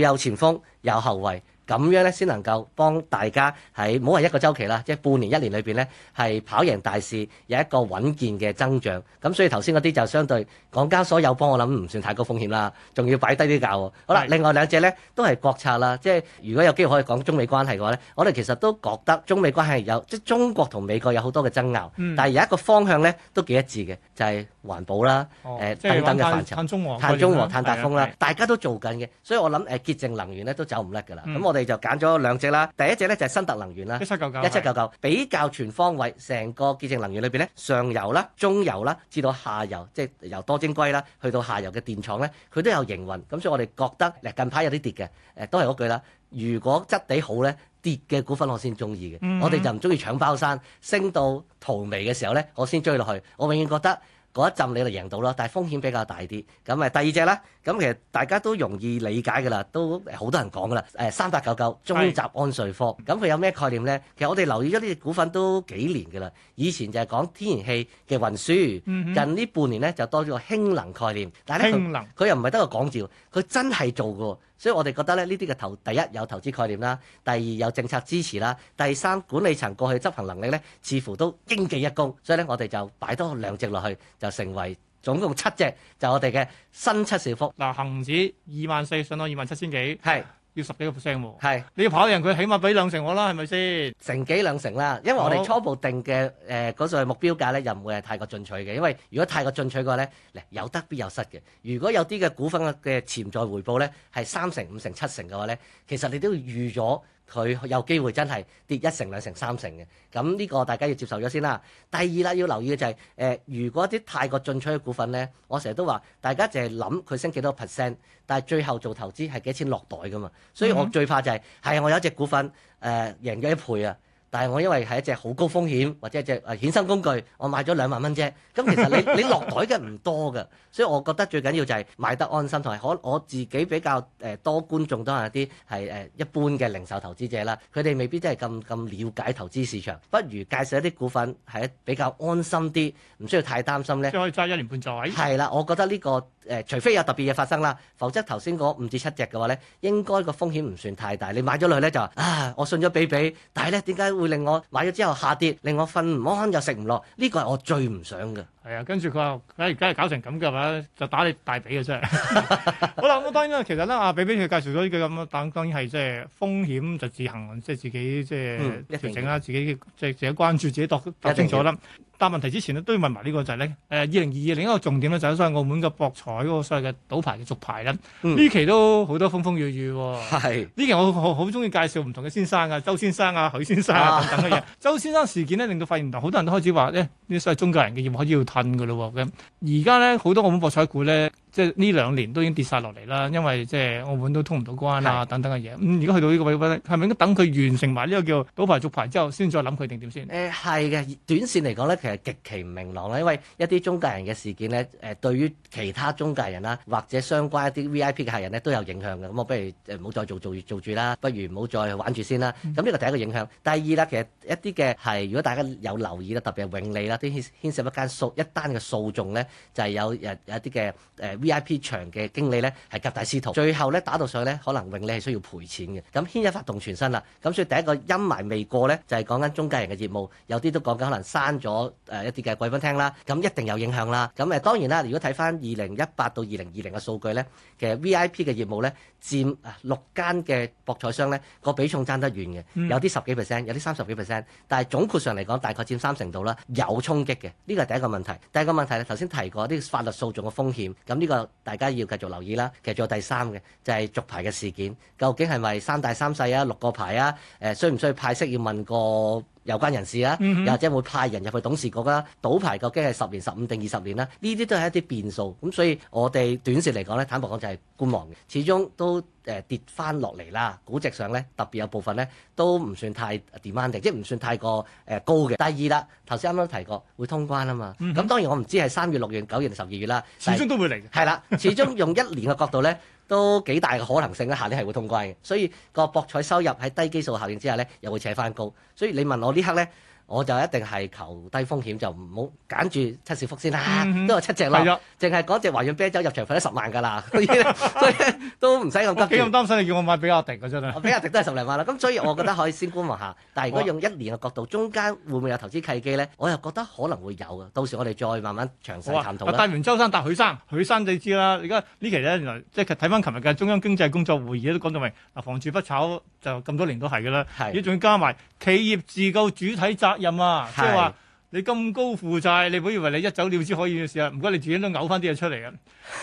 要有前鋒，有後衞。咁樣咧，先能夠幫大家喺冇話一個週期啦，即係半年一年裏邊咧，係跑贏大市，有一個穩健嘅增長。咁所以頭先嗰啲就相對港交所有幫，我諗唔算太高風險啦，仲要擺低啲價喎。好啦，另外兩隻咧都係國策啦，即係如果有機會可以講中美關係嘅話咧，我哋其實都覺得中美關係有即係中國同美國有好多嘅爭拗，嗯、但係有一個方向咧都幾一致嘅，就係、是、環保啦，誒、哦、等等嘅範疇。碳、哦就是、中，中和、碳中和、碳達峰啦，嗯嗯嗯嗯、大家都做緊嘅，所以我諗誒潔淨能源咧都走唔甩㗎啦。咁我哋。我哋就揀咗兩隻啦，第一隻呢，就係、是、新特能源啦，一七九九，一七九九比較全方位，成個潔淨能源裏邊呢，上游啦、中游啦，至到下游，即係由多晶硅啦，去到下游嘅電廠呢，佢都有營運。咁所以我哋覺得，近排有啲跌嘅，誒都係嗰句啦。如果質地好呢，跌嘅股份我先中意嘅。嗯、我哋就唔中意搶包山，升到荼蘼嘅時候呢，我先追落去。我永遠覺得嗰一陣你嚟贏到咯，但係風險比較大啲。咁啊，第二隻呢。咁其實大家都容易理解嘅啦，都好多人講嘅啦。誒，三八九九中集安瑞科，咁佢是有咩概念呢？其實我哋留意咗啲股份都幾年嘅啦。以前就係講天然氣嘅運輸，嗯嗯，近呢半年咧就多咗個氫能概念。但氫能人佢又唔係得個講字，佢真係做嘅。所以我哋覺得咧，呢啲嘅投，第一有投資概念啦，第二有政策支持啦，第三管理層過去執行能力咧似乎都貢獻一功。所以咧，我哋就擺多兩隻落去，就成為。總共七隻就我哋嘅新七兆福嗱，恆指二萬四上到二萬七千幾，係係要十幾個 percent 喎，係你要跑贏佢，起碼俾兩成我啦，係咪先？成幾兩成啦，因為我哋初步定嘅誒嗰個目標價咧，又唔會係太過進取嘅，因為如果太過進取嘅話咧，嗱有得必有失嘅，如果有啲嘅股份嘅潛在回報咧係三成、五成、七成嘅話咧，其實你都預咗。佢有機會真係跌一成兩成三成嘅，咁呢個大家要接受咗先啦。第二啦，要留意嘅就係、是、誒、呃，如果啲太過進取嘅股份呢，我成日都話，大家淨係諗佢升幾多 percent，但係最後做投資係幾錢落袋噶嘛。所以我最怕就係、是，係、mm hmm. 我有隻股份誒、呃，贏咗一倍啊！但係我因為係一隻好高風險或者一隻誒衍生工具，我買咗兩萬蚊啫。咁其實你你落袋嘅唔多㗎，所以我覺得最緊要就係買得安心同埋可，我自己比較誒多觀眾都係一啲係誒一般嘅零售投資者啦，佢哋未必真係咁咁瞭解投資市場，不如介紹一啲股份係比較安心啲，唔需要太擔心呢。即係。可以揸一年半載。係啦，我覺得呢個誒，除非有特別嘢發生啦，否則頭先嗰五至七隻嘅話呢，應該個風險唔算太大。你買咗落去呢，就話啊，我信咗比比，但係呢點解？會令我買咗之後下跌，令我瞓唔安又食唔落，呢個係我最唔想嘅。係啊，， 跟住佢話，而家係搞成咁嘅話，就打你大髀嘅真係。 好啦，咁、嗯、當然啦，其實啦，阿比比佢介紹咗呢句咁，但當然係即係風險就自行，即係自己即係調整啦，嗯、自己即係自己關注，自己度搞清楚啦。但問題之前都要問埋、這個就是、呢個就係咧，誒、呃，二零二二另一個重點咧就係所謂澳門嘅博彩嗰、那個所謂嘅賭牌嘅續牌咧，呢、嗯、期都好多風風雨雨喎。呢、哦、是期我好中意介紹唔同嘅先生啊，周先生啊、許先生啊、啊等等嘅嘢。周先生事件咧令到發現，好多人都開始話咧，呢、欸、所謂中國人嘅業務可以要。瞓嘅咯，咁而家咧，好多澳門博彩股咧。即係呢兩年都已經跌晒落嚟啦，因為即係澳門都通唔到關啊是等等嘅嘢。咁而家去到呢個位咧，係咪應該等佢完成埋呢個叫倒牌、續牌之後，先再諗佢定點先？誒係嘅，短線嚟講咧，其實極其唔明朗啦。因為一啲中介人嘅事件咧，誒、呃、對於其他中介人啦、啊，或者相關一啲 VIP 嘅客人咧都有影響嘅。咁、嗯、我不如唔好再做做做住啦，不如唔好再玩住先啦。咁呢、嗯、個第一個影響。第二啦，其實一啲嘅係如果大家有留意啦，特別係永利啦，啲牽涉一間訴一單嘅訴訟咧，就係、是、有有一啲嘅誒。V.I.P. 場嘅經理咧，係夾大司徒，最後咧打到上去咧，可能永利係需要賠錢嘅。咁牽一髮動全身啦。咁所以第一個陰霾未過咧，就係講緊中介人嘅業務，有啲都講緊可能刪咗誒一啲嘅貴賓廳啦。咁一定有影響啦。咁誒當然啦，如果睇返二零一八到二零二零嘅數據咧，其實 V.I.P. 嘅業務咧。佔啊六間嘅博彩商呢、呢個比重爭得遠嘅，有啲十幾 percent，有啲三十幾 percent，但係總括上嚟講大概佔三成度啦，有衝擊嘅，呢個係第一個問題。第二個問題呢，頭先提過啲法律訴訟嘅風險，咁呢個大家要繼續留意啦。其實仲有第三嘅就係、是、續牌嘅事件，究竟係咪三大三細啊，六個牌啊？誒，需唔需要派息？要問個有關人士啦，又、嗯、或者會派人入去董事局啦，賭牌究竟係十年、十五定二十年啦，呢啲都係一啲變數，咁所以我哋短線嚟講咧，坦白講就係觀望嘅，始終都。誒、呃、跌翻落嚟啦，估值上咧特別有部分咧都唔算太 demanding 即係唔算太過誒、呃、高嘅。第二啦，頭先啱啱提過會通關啊嘛，咁、嗯、哼當然我唔知係三月、六月、九月、十二月啦，始終都會嚟。係啦，始終用一年嘅角度咧，都幾大嘅可能性啦，下年係會通關嘅。所以、個博彩收入喺低基數效應之下咧，又會扯翻高。所以你問我呢刻咧？我就一定係求低風險，就唔好揀住七兆福先啦。嗯、哼都有七隻咯，淨係嗰隻華潤啤酒入場費得十萬㗎啦，所以 都唔使咁急。幾咁擔心？你叫我買比亞迪嘅真我比亞迪都係十零萬啦。咁 所以我覺得可以先觀望下。但係如果用一年嘅角度，中間會唔會有投資契機咧？我又覺得可能會有嘅。到時我哋再慢慢詳細探討啦。帶完周生，帶許生，許生你知啦。而家呢期咧，原來即係睇翻琴日嘅中央經濟工作會議都講到明，嗱，房住不炒就咁多年都係㗎啦。係的，如仲要加埋。企業自救主體責任啊，即係話你咁高負債，你唔好以為你一走了之可以嘅事啊，唔該你自己都嘔翻啲嘢出嚟啊！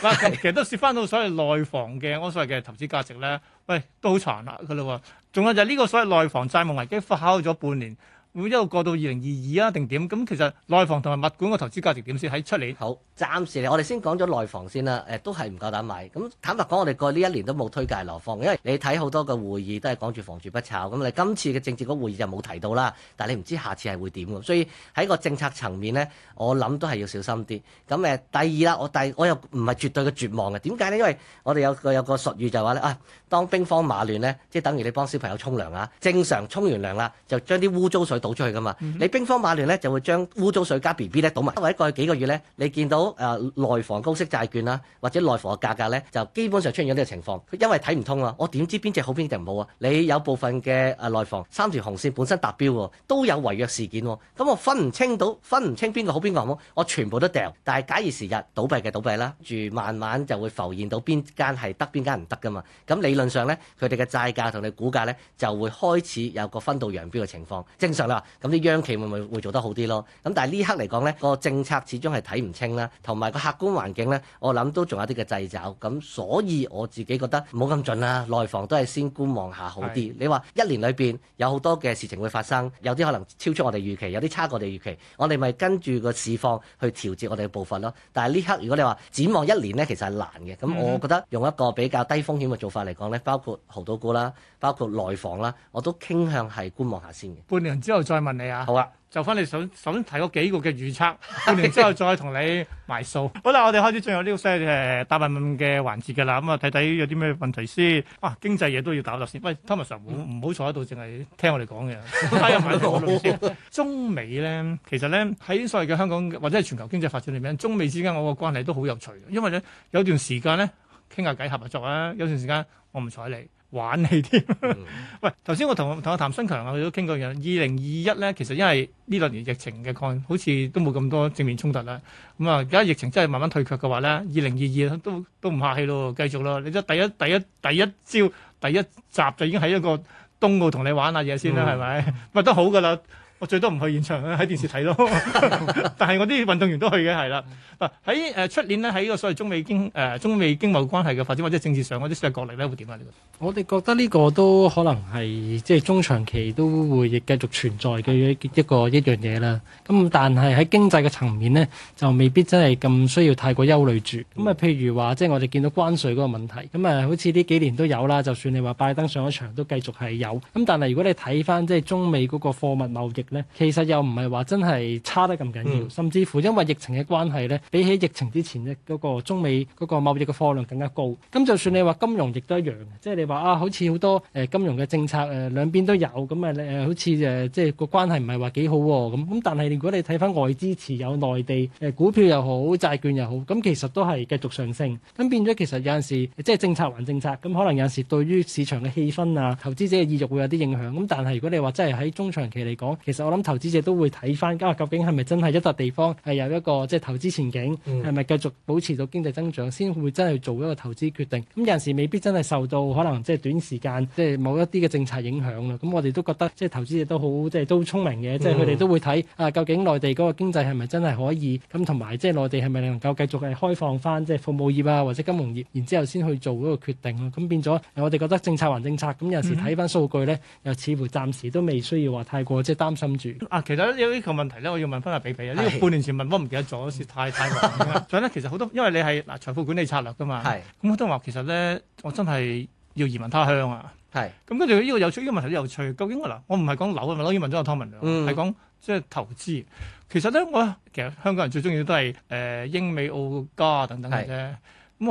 嗱是，其實都説翻到所謂內房嘅我所謂嘅投資價值咧，喂都好殘啦嘅嘞喎，仲有就係呢個所謂內房債務危機發酵咗半年。會一路過到二零二二啊，定點咁？其實內房同埋物管個投資價值點先喺出年。好，暫時嚟，我哋先講咗內房先啦。誒，都係唔夠膽買。咁坦白講，我哋過呢一年都冇推介內房，因為你睇好多個會議都係講住房住不炒。咁你今次嘅政治局會議就冇提到啦。但係你唔知下次係會點咁，所以喺個政策層面呢，我諗都係要小心啲。咁誒，第二啦，我第我又唔係絕對嘅絕望嘅。點解呢？因為我哋有個有個術語就係話呢：啊，當兵荒馬亂呢，即係等於你幫小朋友沖涼啊，正常沖完涼啦，就將啲污糟水，水。倒出去噶嘛？你兵荒馬亂咧，就會將污糟水加 B B 咧倒埋。因為過去幾個月咧，你見到誒內房高息債券啦，或者內房嘅價格咧，就基本上出現咗呢個情況。因為睇唔通啊，我點知邊隻好邊隻唔好啊？你有部分嘅誒內房三條紅線本身達標喎，都有違約事件喎。咁我分唔清到，分唔清邊個好邊個好，我全部都掉。但係假以時日，倒閉嘅倒閉啦，住慢慢就會浮現到邊間係得，邊間唔得噶嘛。咁理論上咧，佢哋嘅債價同你股價咧，就會開始有個分道揚鑣嘅情況。正常。咁啲央企會唔會做得好啲咯？咁但係呢刻嚟講呢個政策始終係睇唔清啦，同埋個客觀環境呢，我諗都仲有啲嘅掣肘。咁所以我自己覺得冇咁盡啦，內房都係先觀望下好啲。是你話一年裏邊有好多嘅事情會發生，有啲可能超出我哋預期，有啲差過我哋預期，我哋咪跟住個市況去調節我哋嘅步伐咯。但係呢刻如果你話展望一年呢，其實係難嘅。咁我覺得用一個比較低風險嘅做法嚟講呢，包括濠賭股啦。包括內房啦、啊，我都傾向係觀望下先嘅。半年之後再問你啊。好啊，就翻你首首先提嗰幾個嘅預測，半年之後再同你埋數。 好啦，我哋開始進入呢個誒、呃、答問嘅環節嘅啦。咁啊，睇睇有啲咩問題先。哇、啊，經濟嘢都要打落先。喂，Thomas Sir 唔好坐喺度，淨係聽我哋講嘅。唔係我老師。中美咧，其實咧喺所謂嘅香港或者係全球經濟發展裏面，中美之間我個關係都好有趣嘅。因為咧有段時間咧傾下偈合作啊，有段時間我唔睬你。玩你添， 喂！頭先我同我同阿譚新強啊，佢都傾過嘢。二零二一咧，其實因為呢兩年疫情嘅關係，好似都冇咁多正面衝突啦。咁啊，而家疫情真係慢慢退卻嘅話咧，二零二二都都唔客氣咯，繼續咯。你都第一第一第一招第，第一集就已經喺一個東澳同你玩下嘢先啦，係咪 吧？不 都好噶啦。我最多唔去現場，喺電視睇咯。 但係我啲運動員都去嘅，係啦。嗱喺誒出年呢喺個所謂中美經誒、呃、中美經貿關係嘅發展或者政治上嗰啲角力咧，會點啊？呢個我哋覺得呢個都可能係即係中長期都會亦繼續存在嘅一一個， 一個一樣嘢啦。咁但係喺經濟嘅層面呢，就未必真係咁需要太過憂慮住。咁啊，譬如話即係我哋見到關稅嗰個問題，咁啊，好似呢幾年都有啦。就算你話拜登上咗場都繼續係有。咁但係如果你睇翻即係中美嗰個貨物貿易，其實又唔係話真係差得咁緊要，嗯、甚至乎因為疫情嘅關係咧，比起疫情之前咧，嗰個中美嗰個貿易嘅貨量更加高。咁就算你話金融亦都一樣，即係你話啊，好似好多誒金融嘅政策誒、呃、兩邊都有，咁你誒好似誒即係個關係唔係話幾好喎。咁、啊、咁但係如果你睇返外資持有內地誒、啊、股票又好債券又好，咁、啊、其實都係繼續上升。咁、啊、變咗其實有陣時即係、就是、政策還政策，咁、啊、可能有陣時對於市場嘅氣氛啊、投資者嘅意欲會有啲影響。咁、啊、但係如果你話真係喺中長期嚟講，其實我諗投資者都會睇翻，咁究竟係咪真係一笪地方係有一個即係、就是、投資前景，係咪、嗯、繼續保持到經濟增長，先會真係做一個投資決定？咁有陣時未必真係受到可能即係短時間即係某一啲嘅政策影響啦。咁我哋都覺得即係投資者都好即係都聰明嘅，即係佢哋都會睇啊究竟內地嗰個經濟係咪真係可以咁，同埋即係內地係咪能夠繼續係開放翻即係服務業啊或者金融業，然之後先去做嗰個決定啦。咁變咗我哋覺得政策還政策，咁有陣時睇翻數據咧，嗯、又似乎暫時都未需要話太過即係、就是、擔心。住啊，其實有呢個問題咧，我要問翻阿比比。啊是。呢個半年前問我唔記得咗，是太太忙。所以咧，其實好多因為你係嗱財富管理策略㗎嘛。係是。咁、嗯、我都話其實咧，我真係要移民他鄉啊。係是。咁跟住呢個有趣，呢、呢個問題，都有趣。究竟嗱，我唔係講樓啊嘛，當然問咗阿湯文亮，係講即係投資。其實咧，我其實香港人最中意都係誒、呃、英美澳加等等嘅啫。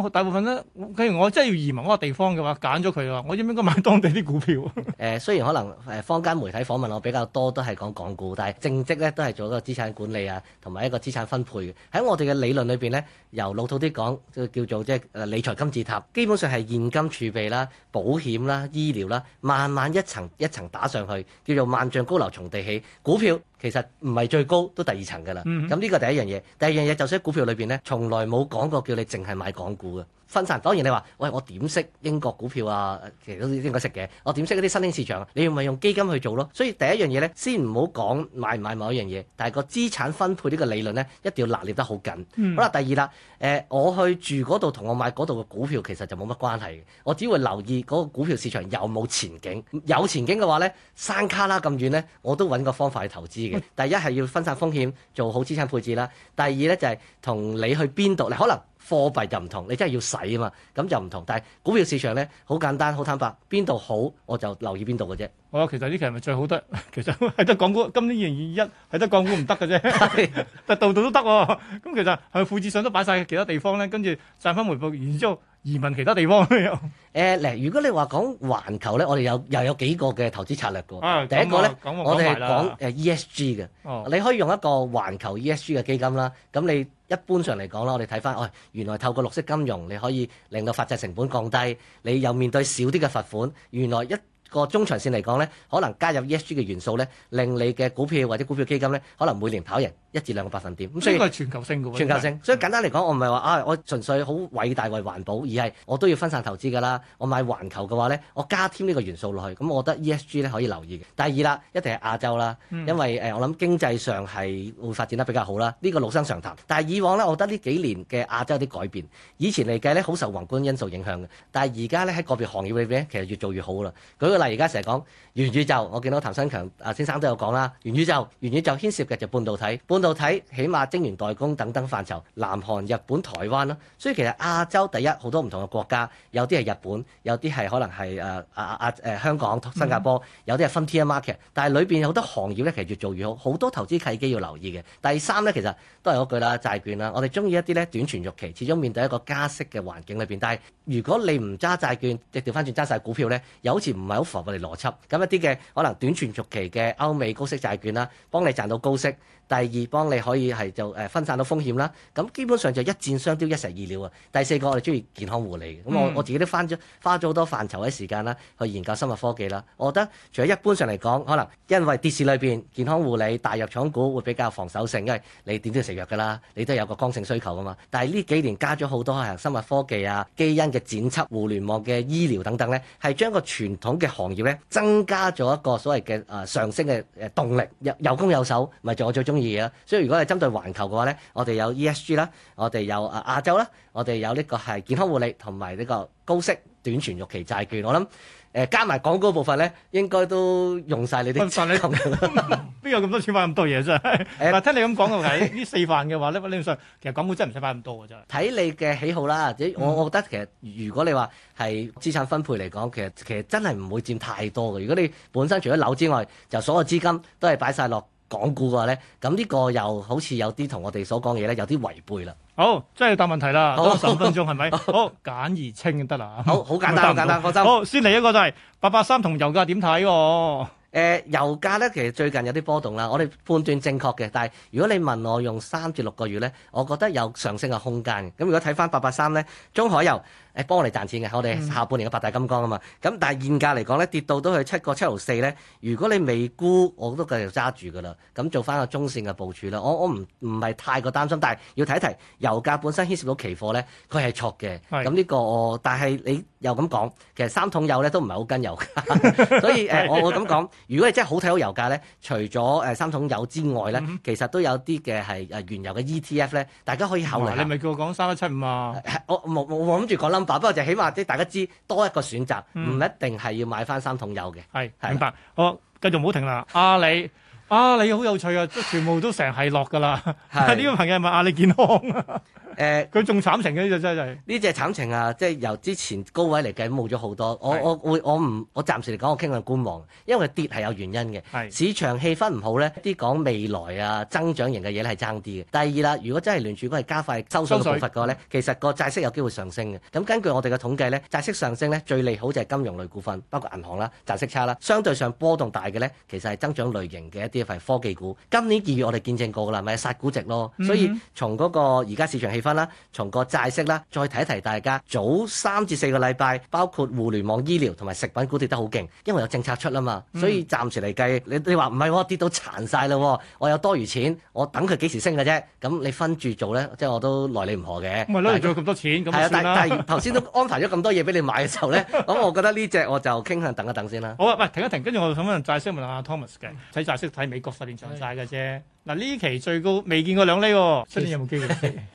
咁大部分咧，假如我真係要移民嗰個地方嘅話，揀咗佢嘅話，我應唔應該買當地啲股票？誒，雖然可能誒坊間媒體訪問我比較多都講講，都係講港股，但係正職咧都係做一個資產管理啊，同埋一個資產分配嘅。喺我哋嘅理論裏邊咧，由老土啲講，即，叫做即係誒理財金字塔，基本上係現金儲備啦、保險啦、醫療啦，慢慢一層一層打上去，叫做萬丈高樓從地起，股票。其實唔係最高，都第二層㗎啦。咁呢個第一樣嘢，第二樣嘢就算喺股票裏邊咧，從來冇講過叫你淨係買港股㗎。分散，當然你話，喂，我點識英國股票啊？其實都應該識嘅。我點識嗰啲新興市場啊？你要咪用基金去做咯。所以第一樣嘢呢，先唔好講買唔買某一樣嘢，但係個資產分配呢個理論呢，一定要拿捏得好緊。嗯、好啦，第二啦，誒、呃，我去住嗰度同我買嗰度嘅股票其實就冇乜關係嘅。我只會留意嗰個股票市場有冇前景，有前景嘅話呢，山卡拉咁遠呢，我都揾個方法去投資嘅。第一係要分散風險，做好資產配置啦。第二呢，就係、是、同你去邊度，嗱可能。貨幣就唔同，你真係要使啊嘛，咁就唔同。但係股票市場呢，好簡單，好坦白，邊度好，我就留意邊度嘅啫。我其實呢期係咪最好得？其實係得港股。今年二零二一係得港股唔得嘅啫，但係度度都得喎、啊。咁其實係唔係富智信都擺曬其他地方咧？跟住賺翻回，回報，然之後移民其他地方咁嗱、呃，如果你話講環球咧，我哋有又有幾個嘅投資策略嘅。啊、第一個咧，講我哋講誒 ESG 嘅，哦、你可以用一個環球 ESG 嘅基金啦。咁你一般上嚟講啦，我哋睇翻，原來透過綠色金融，你可以令到發債成本降低，你又面對少啲嘅罰款。原來一個中長線嚟講呢，可能加入 ESG 嘅元素呢，令你嘅股票或者股票基金呢，可能每年跑贏一至兩個百分點。所以應該係全球性嘅，全球性。嗯、所以簡單嚟講，我唔係話啊，我純粹好偉大為環保，而係我都要分散投資㗎啦。我買環球嘅話呢，我加添呢個元素落去，咁我覺得 ESG 呢可以留意嘅。第二啦，一定係亞洲啦，因為誒、嗯、我諗經濟上係會發展得比較好啦，呢、呢個老生常談。但係以往呢，我覺得呢幾年嘅亞洲啲改變，以前嚟計呢好受宏觀因素影響嘅，但係而家呢，喺個別行業裏邊其實越做越好啦。舉個而家成日講元宇宙，我見到譚新強啊先生都有講啦。元宇宙，元宇宙牽涉嘅就半導體，半導體起碼晶圓代工等等範疇，南韓、日本、台灣啦。所以其實亞洲第一，好多唔同嘅國家，有啲係日本，有啲係可能係誒啊啊誒、啊啊、香港、新加坡，有啲係 frontier market。但係裏邊好多行業咧，其實越做越好，好多投資契機要留意嘅。第三咧，其實都係嗰句啦，債券啦，我哋中意一啲咧短存續期，始終面對一個加息嘅環境裏邊。但係如果你唔揸債券，直係調翻轉揸晒股票咧，又好似唔係好。防守邏輯，咁一啲嘅可能短存續期嘅歐美高息債券啦，幫你賺到高息。第二，幫你可以係就誒分散到風險啦，咁基本上就一箭雙雕一石二鳥啊！第四個我哋中意健康護理，咁我、嗯、我自己都翻咗花咗好多範疇嘅時間啦，去研究生物科技啦。我覺得除咗一般上嚟講，可能因為跌市裏邊健康護理大藥廠股會比較防守性，因為你點都要食藥㗎啦，你都有個剛性需求㗎嘛。但係呢幾年加咗好多係生物科技啊、基因嘅剪輯、互聯網嘅醫療等等呢係將個傳統嘅行業呢增加咗一個所謂嘅誒上升嘅誒動力，又又攻又守，咪就我中意啊！所以如果係針對環球嘅話咧，我哋有 ESG 啦，我哋有亞洲啦，我哋有呢個係健康護理同埋呢個高息短存續期債券。我諗誒、呃、加埋港股部分咧，應該都用晒你哋啲你。邊 有咁多錢買咁多嘢啫、啊？嗱， 聽你咁講嘅話，呢、欸、四範嘅話咧，基本上的其實港股真係唔使買咁多嘅、啊、啫。睇你嘅喜好啦，我、嗯、我覺得其實如果你話係資產分配嚟講，其實其實真係唔會佔太多嘅。如果你本身除咗樓之外，就所有資金都係擺晒落。港股嘅話咧，咁呢個又好似有啲同我哋所講嘅嘢咧有啲違背啦。好，真係答問題啦，十五分鐘係咪？好簡而清就得啦。好好簡單，簡單。好，先嚟一個就係八八三同油價點睇？誒、啊呃，油價咧其實最近有啲波動啦。我哋判斷正確嘅，但係如果你問我用三至六個月咧，我覺得有上升嘅空間嘅。咁如果睇翻八八三咧，中海油。誒幫我哋賺錢嘅，我哋下半年嘅八大金剛啊嘛，咁但係現價嚟講咧，跌到都去七個七毫四咧。如果你未沽，我都繼續揸住㗎啦。咁做翻個中線嘅部署啦。我我唔唔係太過擔心，但係要提一提，油價本身牽涉到期貨咧，佢係錯嘅。咁呢是個，但係你又咁講，其實三桶油咧都唔係好跟油價， 所以誒， 我我咁講，如果你真係好睇好油價咧，除咗誒三桶油之外咧，其實都有啲嘅係原油嘅 ETF 咧，大家可以考慮。你咪叫我講三一七五啊？我冇諗住講,講爸爸就起碼即係大家知多一個選擇，唔、嗯、一定係要買翻三桶油嘅。係是是明白，好，繼續唔好停啦。阿、啊、里，阿里、 啊、好有趣啊！ 全部都成係落噶啦，呢個朋友係問阿里健康、啊。 誒，佢仲慘情嘅呢隻真係，呢隻慘情啊！即係由之前高位嚟計，冇咗好多。是我我會我唔我暫時嚟講，我傾向觀望，因為跌係有原因嘅。是市場氣氛唔好呢啲講未來啊增長型嘅嘢咧係爭啲嘅。第二啦，如果真係聯儲局係加快收水嘅步伐嘅話呢，水其實個債息有機會上升嘅。咁根據我哋嘅統計呢，債息上升呢最利好就係金融類股份，包括銀行啦、債息差啦，相對上波動大嘅呢，其實係增長類型嘅一啲嘢，係科技股。今年二月我哋見證過噶啦，咪、就、殺、是、股值咯。所以從嗰個而家市場氣，分啦，從個債息啦，再提一提大家早三至四個禮拜，包括互聯網醫療同埋食品股跌得好勁，因為有政策出啦嘛。嗯、所以暫時嚟計，你你話唔係我跌到殘曬啦，我有多餘錢，我等佢幾時升嘅啫。咁你分住做咧，即係我都耐你唔何嘅。咁咪攞嚟做咁多錢咁係啊。但係頭先都安排咗咁多嘢俾你買嘅時候咧，咁 我覺得呢隻我就傾向等一等先啦。好啊，喂，停一停，跟住我想問下債息問下、啊、Thomas 嘅睇債息，睇美國十年長債嘅啫。嗱，呢期最高未見過兩厘喎，哦，出年有冇機會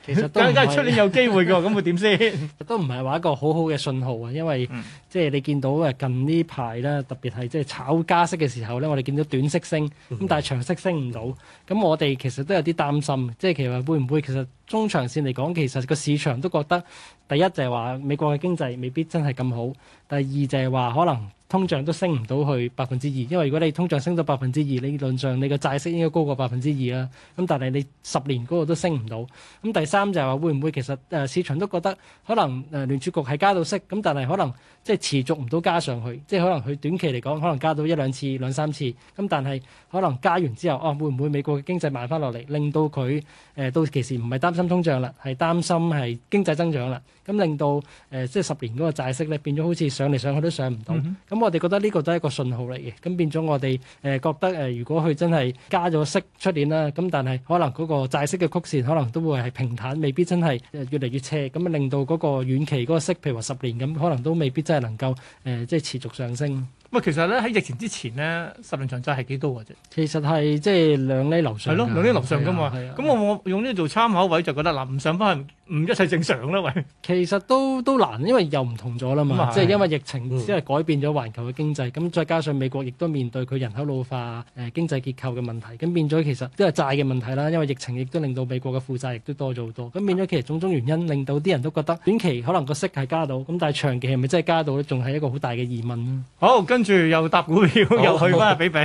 其？其實都唔係出年有機會嘅，咁會點先？都唔係話一個好好嘅信號啊，因為、嗯、即係你見到誒近呢排咧，特別係即係炒加息嘅時候咧，我哋見到短息升，咁但係長息升唔到，咁、嗯、我哋其實都有啲擔心，即係其實會唔會其實？中長線嚟講，其實個市場都覺得，第一就係話美國嘅經濟未必真係咁好，第二就係話可能通脹都升唔到去百分之二，因為如果你通脹升到百分之二，你理論上你個債息應該高過百分之二啦。咁但係你十年嗰個都升唔到。咁第三就係話會唔會其實誒市場都覺得可能誒聯儲局係加到息，咁但係可能即係持續唔到加上去，即係可能佢短期嚟講可能加到一兩次兩三次，咁但係可能加完之後，哦會唔會美國嘅經濟慢返落嚟，令到佢誒到其實唔係擔通脹啦，係擔心係經濟增長啦，咁令到誒即係十年嗰個債息咧變咗好似上嚟上去都上唔到，咁我哋覺得呢個都係一個信號嚟嘅，咁變咗我哋誒覺得誒如果佢真係加咗息出年啦，咁但係可能嗰個債息嘅曲線可能都會係平坦，未必真係越嚟越斜，咁啊令到嗰個遠期嗰個息，譬如話十年咁，可能都未必真係能夠誒即係持續上升。咁啊，其實咧喺疫情之前咧，十年長債係幾高嘅啫？其實係即係兩釐樓上係咯，兩釐樓上噶嘛，係啊，咁我我用呢做參考位。就覺得嗱，唔想翻唔一切正常啦，喂！其實都都難，因為又唔同咗啦嘛，嗯、即係因為疫情只係改變咗環球嘅經濟，咁再加上美國亦都面對佢人口老化、誒、呃、經濟結構嘅問題，咁變咗其實都係債嘅問題啦。因為疫情亦都令到美國嘅負債亦都多咗好多，咁變咗其實種種原因令到啲人都覺得短期可能個息係加到，咁但係長期係咪真係加到咧，仲係一個好大嘅疑問。好，跟住又搭股票又去翻，比比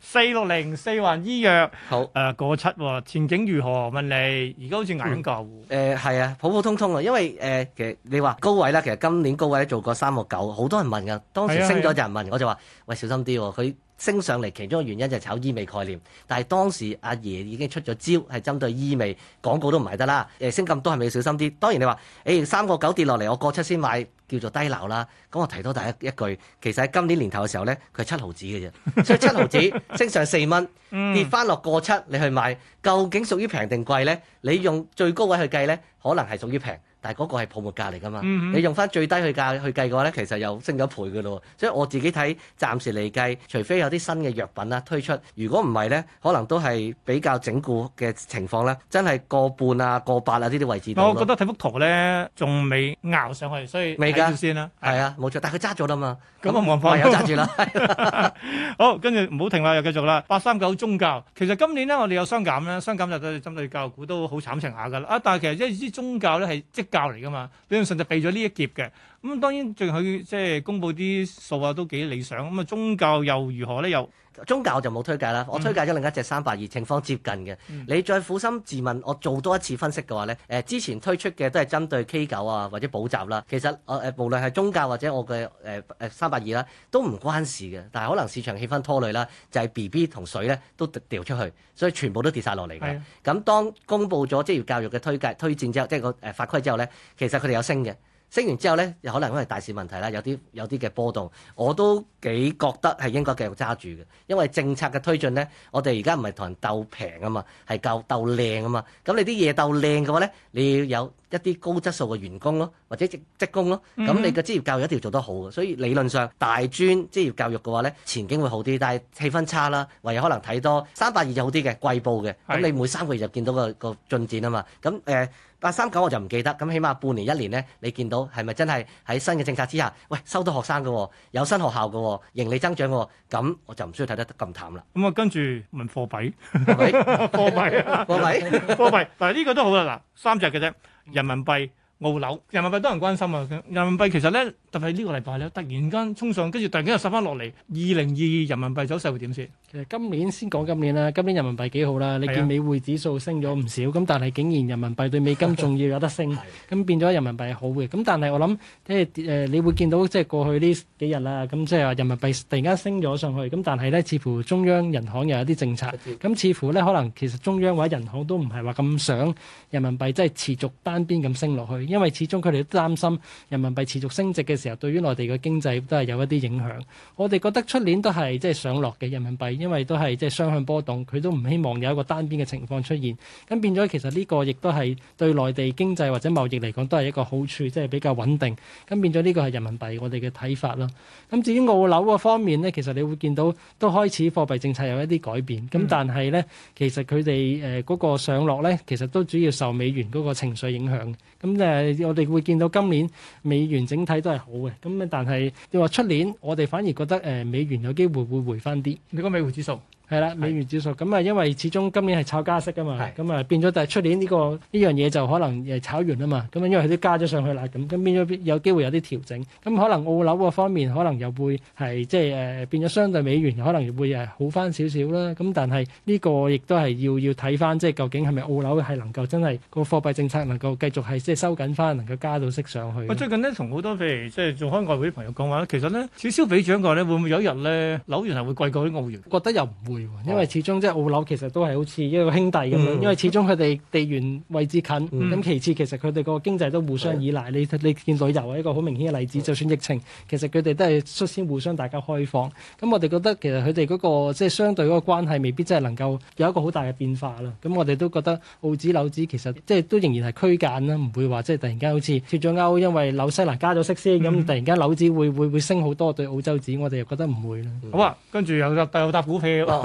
四六零四環醫藥，好誒過、呃、七前景如何問你？都好似眼緊舊誒係啊，普普通通啊，因為誒、呃、其實你話高位啦，其實今年高位做過三個九，好多人問噶，當時升咗就人問，我就話喂，小心啲喎，佢。升上嚟，其中嘅原因就係炒醫美概念，但係當時阿爺，爺已經出咗招，係針對醫美廣告都唔係得啦。誒，升咁多係咪要小心啲？當然你話，誒三個九跌落嚟，我過七先買叫做低撈啦。咁我提到大家一句，其實喺今年年頭嘅時候呢，佢係七毫子嘅啫，所以七毫子升上四蚊，跌翻落過七你去買，究竟屬於平定貴呢？你用最高位去計呢，可能係屬於平。但係嗰個係泡沫價嚟㗎嘛，你用翻最低佢價去計嘅話咧，其實又升咗倍嘅咯。所以我自己睇，暫時嚟計，除非有啲新嘅藥品啦推出，如果唔係咧，可能都係比較整固嘅情況咧，真係過半啊、過百啊呢啲位置。我覺得睇幅圖咧，仲未熬上去，所以未㗎先啊，係啊，冇錯，但係佢揸咗啦嘛。咁啊，冇辦法。有揸住啦。好，跟住唔好停啦，又繼續啦。八三九中教，其實今年咧，我哋有雙減咧，雙減就對針對教育股都好慘情下㗎啦。啊，但係其實一啲中教咧係即。教嚟噶嘛，理論上就避咗呢一劫嘅。咁當然，最後即係公布啲數啊，都幾理想。咁啊，宗教又如何咧？又宗教就冇推介啦。我推介咗另一隻三百二，情況接近嘅。嗯、你再苦心自問，我做多一次分析嘅話咧，誒之前推出嘅都係針對 K 九啊或者補習啦。其實誒誒，無論係宗教或者我嘅誒誒三百二啦，都唔關事嘅。但係可能市場氣氛拖累啦，就係、是、B B 同水咧都掉出去，所以全部都跌晒落嚟嘅。咁的當公布咗職業教育嘅推介推薦之後，即係個誒法規之後咧，其實佢哋有升嘅。升完之後呢，又可能因為大市問題啦，有啲有啲嘅波動，我都幾覺得係應該繼續揸住嘅，因為政策嘅推進呢，我哋而家唔係同人鬥平啊嘛，係鬥鬥靚啊嘛。咁你啲嘢鬥靚嘅話呢，你要有一啲高質素嘅員工咯，或者職職工咯。咁你嘅職業教育一定要做得好嘅，所以理論上大專職業教育嘅話呢，前景會好啲。但係氣氛差啦，唯有可能睇多三百二就好啲嘅，季報嘅。咁你每三個月就見到個個進展啊嘛。咁誒。呃八三九我就唔記得，咁起碼半年一年咧，你見到係咪真係喺新嘅政策之下，喂，收到學生嘅，有新學校嘅，盈利增長嘅，咁我就唔需要睇得咁淡啦。咁我跟住問貨幣，貨幣幣，貨幣、 啊，貨幣貨幣，但係 呢個都好啦，嗱三隻嘅啫，人民幣、澳樓，人民幣多人關心啊，人民幣其實咧。特別呢個禮拜咧，突然間衝上，跟住突然間又殺翻落嚟。二零二二人民幣走勢會點先？其實今年先講今年啦，今年人民幣幾好啦。的你見美匯指數升咗唔少，咁的但係竟然人民幣對美金仲要有得升，咁的變咗人民幣係好嘅。咁但係我諗，即係誒，你會見到即係過去呢幾日啦，咁即係話人民幣突然間升咗上去，咁但係咧，似乎中央人行又有啲政策，咁的似乎咧可能其實中央或者人行都唔係話咁想人民幣即係持續單邊咁升落去，因為始終佢哋都擔心人民幣持續升值嘅時候。時候對於內地嘅經濟都係有一啲影響，我哋覺得出年都係即係上落嘅人民幣，因為都係即係雙向波動，佢都唔希望有一個單邊嘅情況出現，咁變咗其實呢個亦都係對內地經濟或者貿易嚟講都係一個好處，即係比較穩定，咁變咗呢個係人民幣我哋嘅睇法啦。咁至於澳紐方面呢，其實你會見到都開始貨幣政策有一啲改變，咁，嗯，但係呢，其實佢哋誒嗰個上落呢，其實都主要受美元嗰個情緒影響，咁誒我哋會見到今年美元整體都係好嘅，咁啊，但係你話出年我哋反而覺得誒、呃，美元有機會會回翻啲，你講美匯指數。係啦，美元指數。咁啊，因為始終今年係炒加息㗎嘛，咁啊變咗，但係出年呢個呢樣嘢就可能誒炒完啦嘛，咁因為佢都加咗上去啦，咁咁變咗有機會有啲調整，咁可能澳紐個方面可能又會係即係誒變咗相對美元，可能會誒好翻少少啦，咁但係呢個亦都係要要睇翻，即係究竟係咪澳紐係能夠真係個貨幣政策能夠繼續係即係收緊翻，能夠加到息上去。我最近咧同好多譬如即係做開外匯啲朋友講話咧，其實咧少少比漲嘅話咧，會唔會有一日咧紐元係會貴過啲澳元？覺得又唔會。因為始終即係澳紐其實都係好似一個兄弟咁樣，因為始終佢哋地緣位置近，咁其次其實佢哋個經濟都互相依賴。你你見到旅遊係一個好明顯嘅例子，就算疫情，其實佢哋都係率先互相大家開放。咁我哋覺得其實佢哋嗰個即係相對嗰個關係，未必真係能夠有一個好大嘅變化啦。咁我哋都覺得澳紙紐紙其實即係都仍然係區間啦，唔會話即係突然間好似脱咗歐，因為紐西蘭加咗息先，咁突然間紐紙會會會升好多對澳洲紙，我哋又覺得唔會啦。好啊，跟住又搭又搭股票。係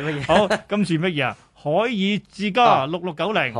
乜嘢？ 好，今次乜嘢啊？海爾智家六六九零。